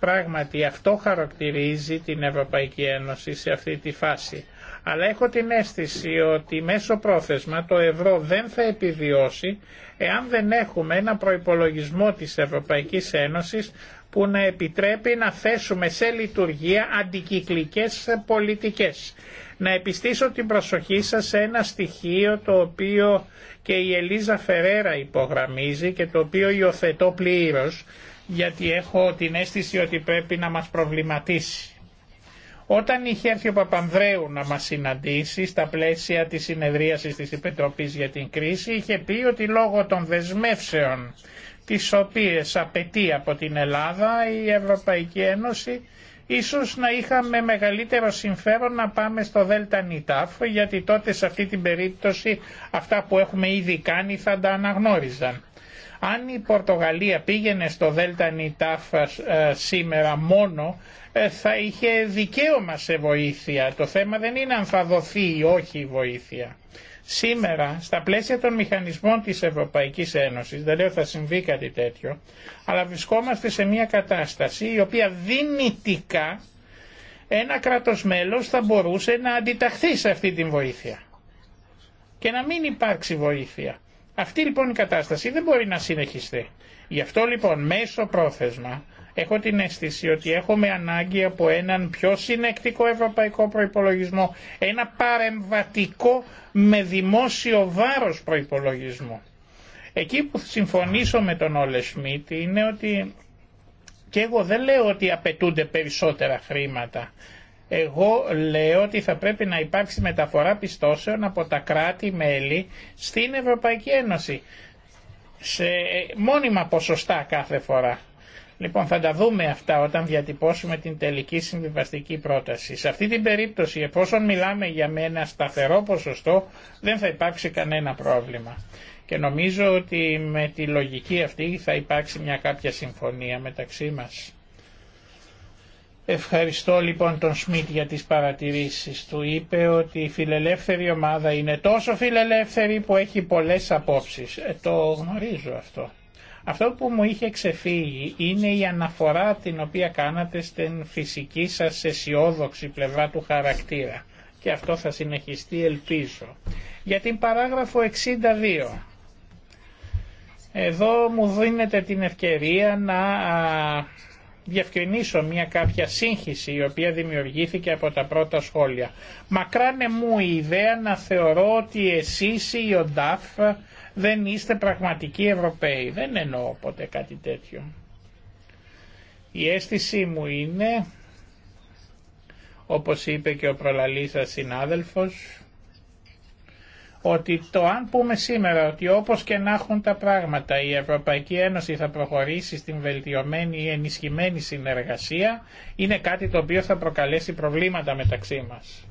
πράγματι αυτό χαρακτηρίζει την Ευρωπαϊκή Ένωση σε αυτή τη φάση αλλά έχω την αίσθηση ότι μέσω πρόθεσμα το ευρώ δεν θα επιβιώσει εάν δεν έχουμε ένα προϋπολογισμό της Ευρωπαϊκής Ένωσης που να επιτρέπει να θέσουμε σε λειτουργία αντικυκλικές πολιτικές. Να επιστήσω την προσοχή σας σε ένα στοιχείο το οποίο και η Ελίζα Φερέρα υπογραμμίζει και το οποίο υιοθετώ πλήρως γιατί έχω την αίσθηση ότι πρέπει να μας προβληματίσει. Όταν είχε έρθει ο Παπανδρέου να μας συναντήσει στα πλαίσια της συνεδρίασης της Επιτροπής για την κρίση, είχε πει ότι λόγω των δεσμεύσεων τις οποίες απαιτεί από την Ελλάδα η Ευρωπαϊκή Ένωση, ίσως να είχαμε μεγαλύτερο συμφέρον να πάμε στο Δέλτα Νιτάφ, γιατί τότε σε αυτή την περίπτωση αυτά που έχουμε ήδη κάνει θα τα αναγνώριζαν. Αν η Πορτογαλία πήγαινε στο Δέλτα Νιτάφα ε, σήμερα μόνο, ε, θα είχε δικαίωμα σε βοήθεια. Το θέμα δεν είναι αν θα δοθεί ή όχι η βοήθεια. Σήμερα, στα πλαίσια των μηχανισμών της Ευρωπαϊκής Ένωσης, δεν λέω θα συμβεί κάτι τέτοιο, αλλά βρισκόμαστε σε μια κατάσταση η οποία δυνητικά ένα κράτος μέλος θα μπορούσε να αντιταχθεί σε αυτή την βοήθεια και να μην υπάρξει βοήθεια. Αυτή λοιπόν η κατάσταση δεν μπορεί να συνεχιστεί. Γι' αυτό λοιπόν μέσω πρόθεσμα έχω την αίσθηση ότι έχουμε ανάγκη από έναν πιο συνεκτικό ευρωπαϊκό προϋπολογισμό, ένα παρεμβατικό με δημόσιο βάρος προϋπολογισμό. Εκεί που συμφωνήσω με τον Όλε Σμίτ είναι ότι και εγώ δεν λέω ότι απαιτούνται περισσότερα χρήματα. Εγώ λέω ότι θα πρέπει να υπάρξει μεταφορά πιστώσεων από τα κράτη-μέλη στην Ευρωπαϊκή Ένωση. Σε μόνιμα ποσοστά κάθε φορά. Λοιπόν, θα τα δούμε αυτά όταν διατυπώσουμε την τελική συμβιβαστική πρόταση. Σε αυτή την περίπτωση, εφόσον μιλάμε για με ένα σταθερό ποσοστό, δεν θα υπάρξει κανένα πρόβλημα. Και νομίζω ότι με τη λογική αυτή θα υπάρξει μια κάποια συμφωνία μεταξύ μας. Ευχαριστώ λοιπόν τον Σμιτ για τις παρατηρήσεις του. Είπε ότι η φιλελεύθερη ομάδα είναι τόσο φιλελεύθερη που έχει πολλές απόψεις. Ε, το γνωρίζω αυτό. Αυτό που μου είχε ξεφύγει είναι η αναφορά την οποία κάνατε στην φυσική σας αισιόδοξη πλευρά του χαρακτήρα. Και αυτό θα συνεχιστεί ελπίζω. Για την παράγραφο 62. Εδώ μου δίνετε την ευκαιρία να διευκρινίσω μια κάποια σύγχυση η οποία δημιουργήθηκε από τα πρώτα σχόλια. Μακράνε μου η ιδέα να θεωρώ ότι εσείς ή ο Νταφ δεν είστε πραγματικοί Ευρωπαίοι. Δεν εννοώ ποτέ κάτι τέτοιο. Η αίσθησή μου είναι, όπως είπε και ο προλαλής σας συνάδελφος, ότι το αν πούμε σήμερα ότι όπως και να έχουν τα πράγματα η Ευρωπαϊκή Ένωση θα προχωρήσει στην βελτιωμένη ή ενισχυμένη συνεργασία είναι κάτι το οποίο θα προκαλέσει προβλήματα μεταξύ μας.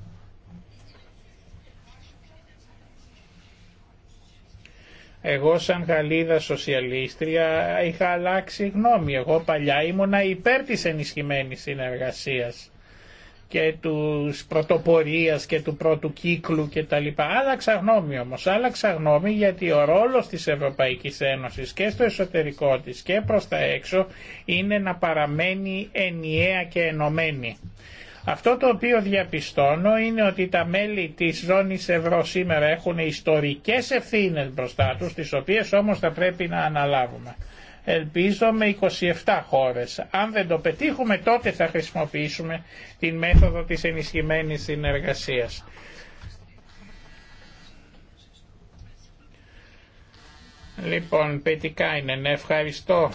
Εγώ σαν Γαλλίδα σοσιαλίστρια είχα αλλάξει γνώμη. Εγώ παλιά ήμουνα υπέρ της ενισχυμένης συνεργασίας και του πρωτοπορία και του πρώτου κύκλου κτλ. Άλλαξα γνώμη όμω. Άλλαξα γνώμη γιατί ο ρόλο τη Ευρωπαϊκή Ένωση και στο εσωτερικό τη και προ τα έξω είναι να παραμένει ενιαία και ενωμένη. Αυτό το οποίο διαπιστώνω είναι ότι τα μέλη της ζώνης ευρώ σήμερα έχουν ιστορικές ευθύνες μπροστά τους, τι οποίες όμως θα πρέπει να αναλάβουμε ελπίζω με 27 χώρες. Αν δεν το πετύχουμε τότε θα χρησιμοποιήσουμε την μέθοδο της ενισχυμένης συνεργασίας. Λοιπόν, πετικά είναι. Ευχαριστώ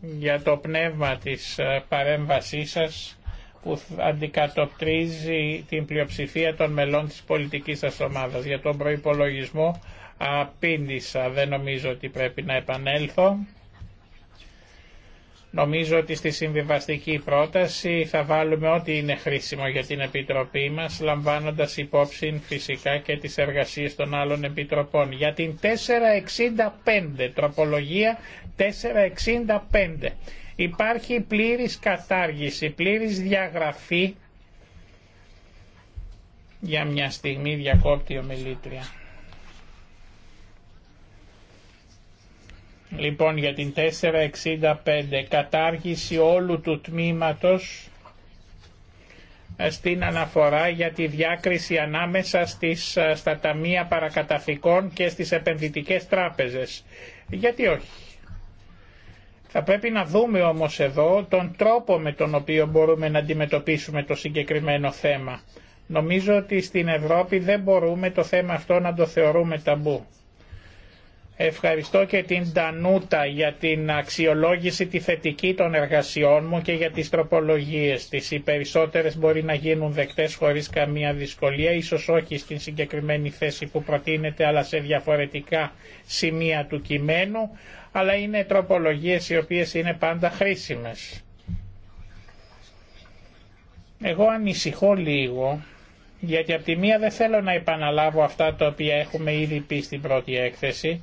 για το πνεύμα της ε, παρέμβασής σας που αντικατοπτρίζει την πλειοψηφία των μελών της πολιτικής σας ομάδας για τον προϋπολογισμό Απίνησα. δεν νομίζω ότι πρέπει να επανέλθω. Νομίζω ότι στη συμβιβαστική πρόταση θα βάλουμε ό,τι είναι χρήσιμο για την Επιτροπή μας, λαμβάνοντας υπόψη φυσικά και τις εργασίες των άλλων Επιτροπών. Για την 465, τροπολογία 465, υπάρχει πλήρης κατάργηση, πλήρης διαγραφή. Για μια στιγμή διακόπτει ομιλήτρια. Λοιπόν για την 465 κατάργηση όλου του τμήματος ε, στην αναφορά για τη διάκριση ανάμεσα στις, ε, στα ταμεία παρακαταθήκων και στις επενδυτικές τράπεζες. Γιατί όχι. Θα πρέπει να δούμε όμως εδώ τον τρόπο με τον οποίο μπορούμε να αντιμετωπίσουμε το συγκεκριμένο θέμα. Νομίζω ότι στην Ευρώπη δεν μπορούμε το θέμα αυτό να το θεωρούμε ταμπού. Ευχαριστώ και την Τανούτα για την αξιολόγηση τη θετική των εργασιών μου και για τις τροπολογίες της. Οι περισσότερες μπορεί να γίνουν δεκτές χωρίς καμία δυσκολία, ίσως όχι στην συγκεκριμένη θέση που προτείνεται, αλλά σε διαφορετικά σημεία του κειμένου, αλλά είναι τροπολογίες οι οποίες είναι πάντα χρήσιμες. Εγώ ανησυχώ λίγο γιατί από τη μία δεν θέλω να επαναλάβω αυτά τα οποία έχουμε ήδη πει στην πρώτη έκθεση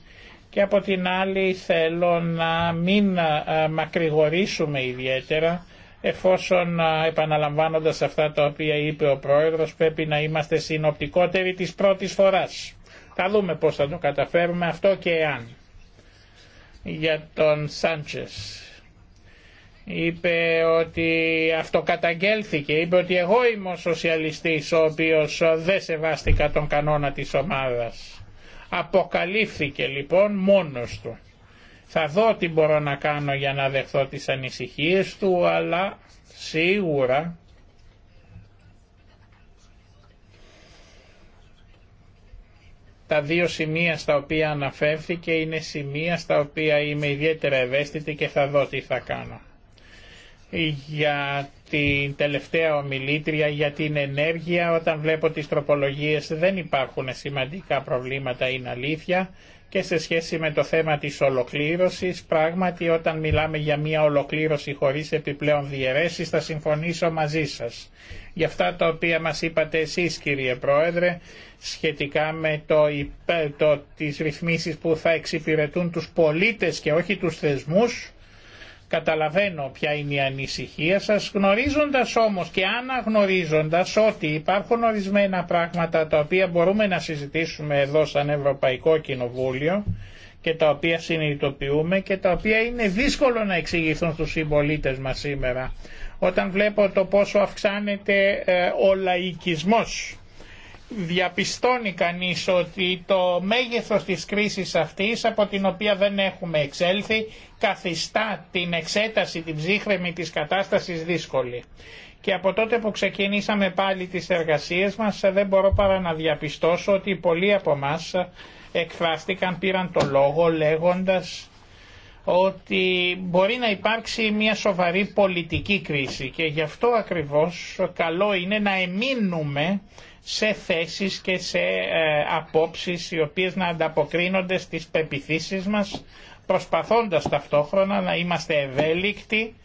και από την άλλη θέλω να μην ε, μακρηγορήσουμε ιδιαίτερα εφόσον ε, επαναλαμβάνοντας αυτά τα οποία είπε ο Πρόεδρος πρέπει να είμαστε συνοπτικότεροι της πρώτης φοράς. Θα δούμε πώς θα το καταφέρουμε αυτό και εάν. Για τον Σάντσες. Είπε ότι αυτοκαταγγέλθηκε, είπε ότι εγώ είμαι ο σοσιαλιστής ο οποίος ε, δεν σεβάστηκα τον κανόνα της ομάδας Αποκαλύφθηκε λοιπόν μόνος του. Θα δω τι μπορώ να κάνω για να δεχθώ τις ανησυχίες του, αλλά σίγουρα τα δύο σημεία στα οποία αναφέρθηκε είναι σημεία στα οποία είμαι ιδιαίτερα ευαίσθητη και θα δω τι θα κάνω. Για την τελευταία ομιλήτρια για την ενέργεια. Όταν βλέπω τις τροπολογίες δεν υπάρχουν σημαντικά προβλήματα, είναι αλήθεια. Και σε σχέση με το θέμα της ολοκλήρωσης, πράγματι όταν μιλάμε για μια ολοκλήρωση χωρίς επιπλέον διαιρέσεις θα συμφωνήσω μαζί σας. Για αυτά τα οποία μας είπατε εσείς κύριε Πρόεδρε, σχετικά με το, το, τις ρυθμίσεις που θα εξυπηρετούν τους πολίτες και όχι τους θεσμούς, Καταλαβαίνω ποια είναι η ανησυχία σας, γνωρίζοντας όμως και αναγνωρίζοντας ότι υπάρχουν ορισμένα πράγματα τα οποία μπορούμε να συζητήσουμε εδώ σαν Ευρωπαϊκό Κοινοβούλιο και τα οποία συνειδητοποιούμε και τα οποία είναι δύσκολο να εξηγηθούν στους συμπολίτε μας σήμερα. Όταν βλέπω το πόσο αυξάνεται ε, ο λαϊκισμός διαπιστώνει κανείς ότι το μέγεθος της κρίσης αυτής από την οποία δεν έχουμε εξέλθει καθιστά την εξέταση, την ψύχρεμη της κατάστασης δύσκολη. Και από τότε που ξεκινήσαμε πάλι τις εργασίες μας δεν μπορώ παρά να διαπιστώσω ότι πολλοί από εμά εκφράστηκαν, πήραν το λόγο λέγοντας ότι μπορεί να υπάρξει μια σοβαρή πολιτική κρίση και γι' αυτό ακριβώς καλό είναι να εμείνουμε σε θέσεις και σε ε, απόψεις οι οποίες να ανταποκρίνονται στις πεπιθήσεις μας προσπαθώντας ταυτόχρονα να είμαστε ευέλικτοι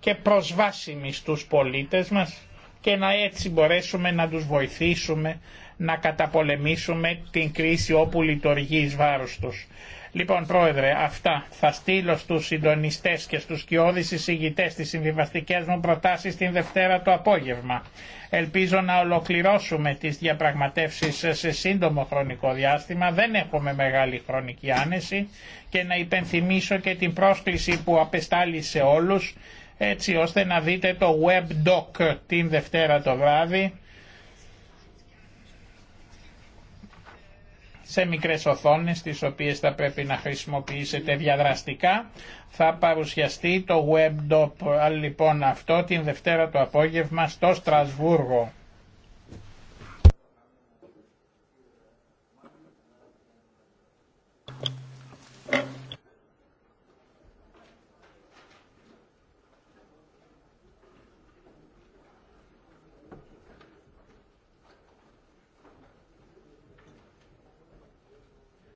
και προσβάσιμοι στους πολίτες μας και να έτσι μπορέσουμε να τους βοηθήσουμε να καταπολεμήσουμε την κρίση όπου λειτουργεί εις βάρος τους. Λοιπόν πρόεδρε, αυτά θα στείλω στους συντονιστές και στους κοιόδης εισηγητές τις συμβιβαστικές μου προτάσεις την Δευτέρα το απόγευμα. Ελπίζω να ολοκληρώσουμε τις διαπραγματεύσεις σε σύντομο χρονικό διάστημα. Δεν έχουμε μεγάλη χρονική άνεση και να υπενθυμίσω και την πρόσκληση που απεστάλλει σε όλους έτσι ώστε να δείτε το web doc την Δευτέρα το βράδυ σε μικρές οθόνες τις οποίες θα πρέπει να χρησιμοποιήσετε διαδραστικά. Θα παρουσιαστεί το WebDop λοιπόν αυτό την Δευτέρα το απόγευμα στο Στρασβούργο.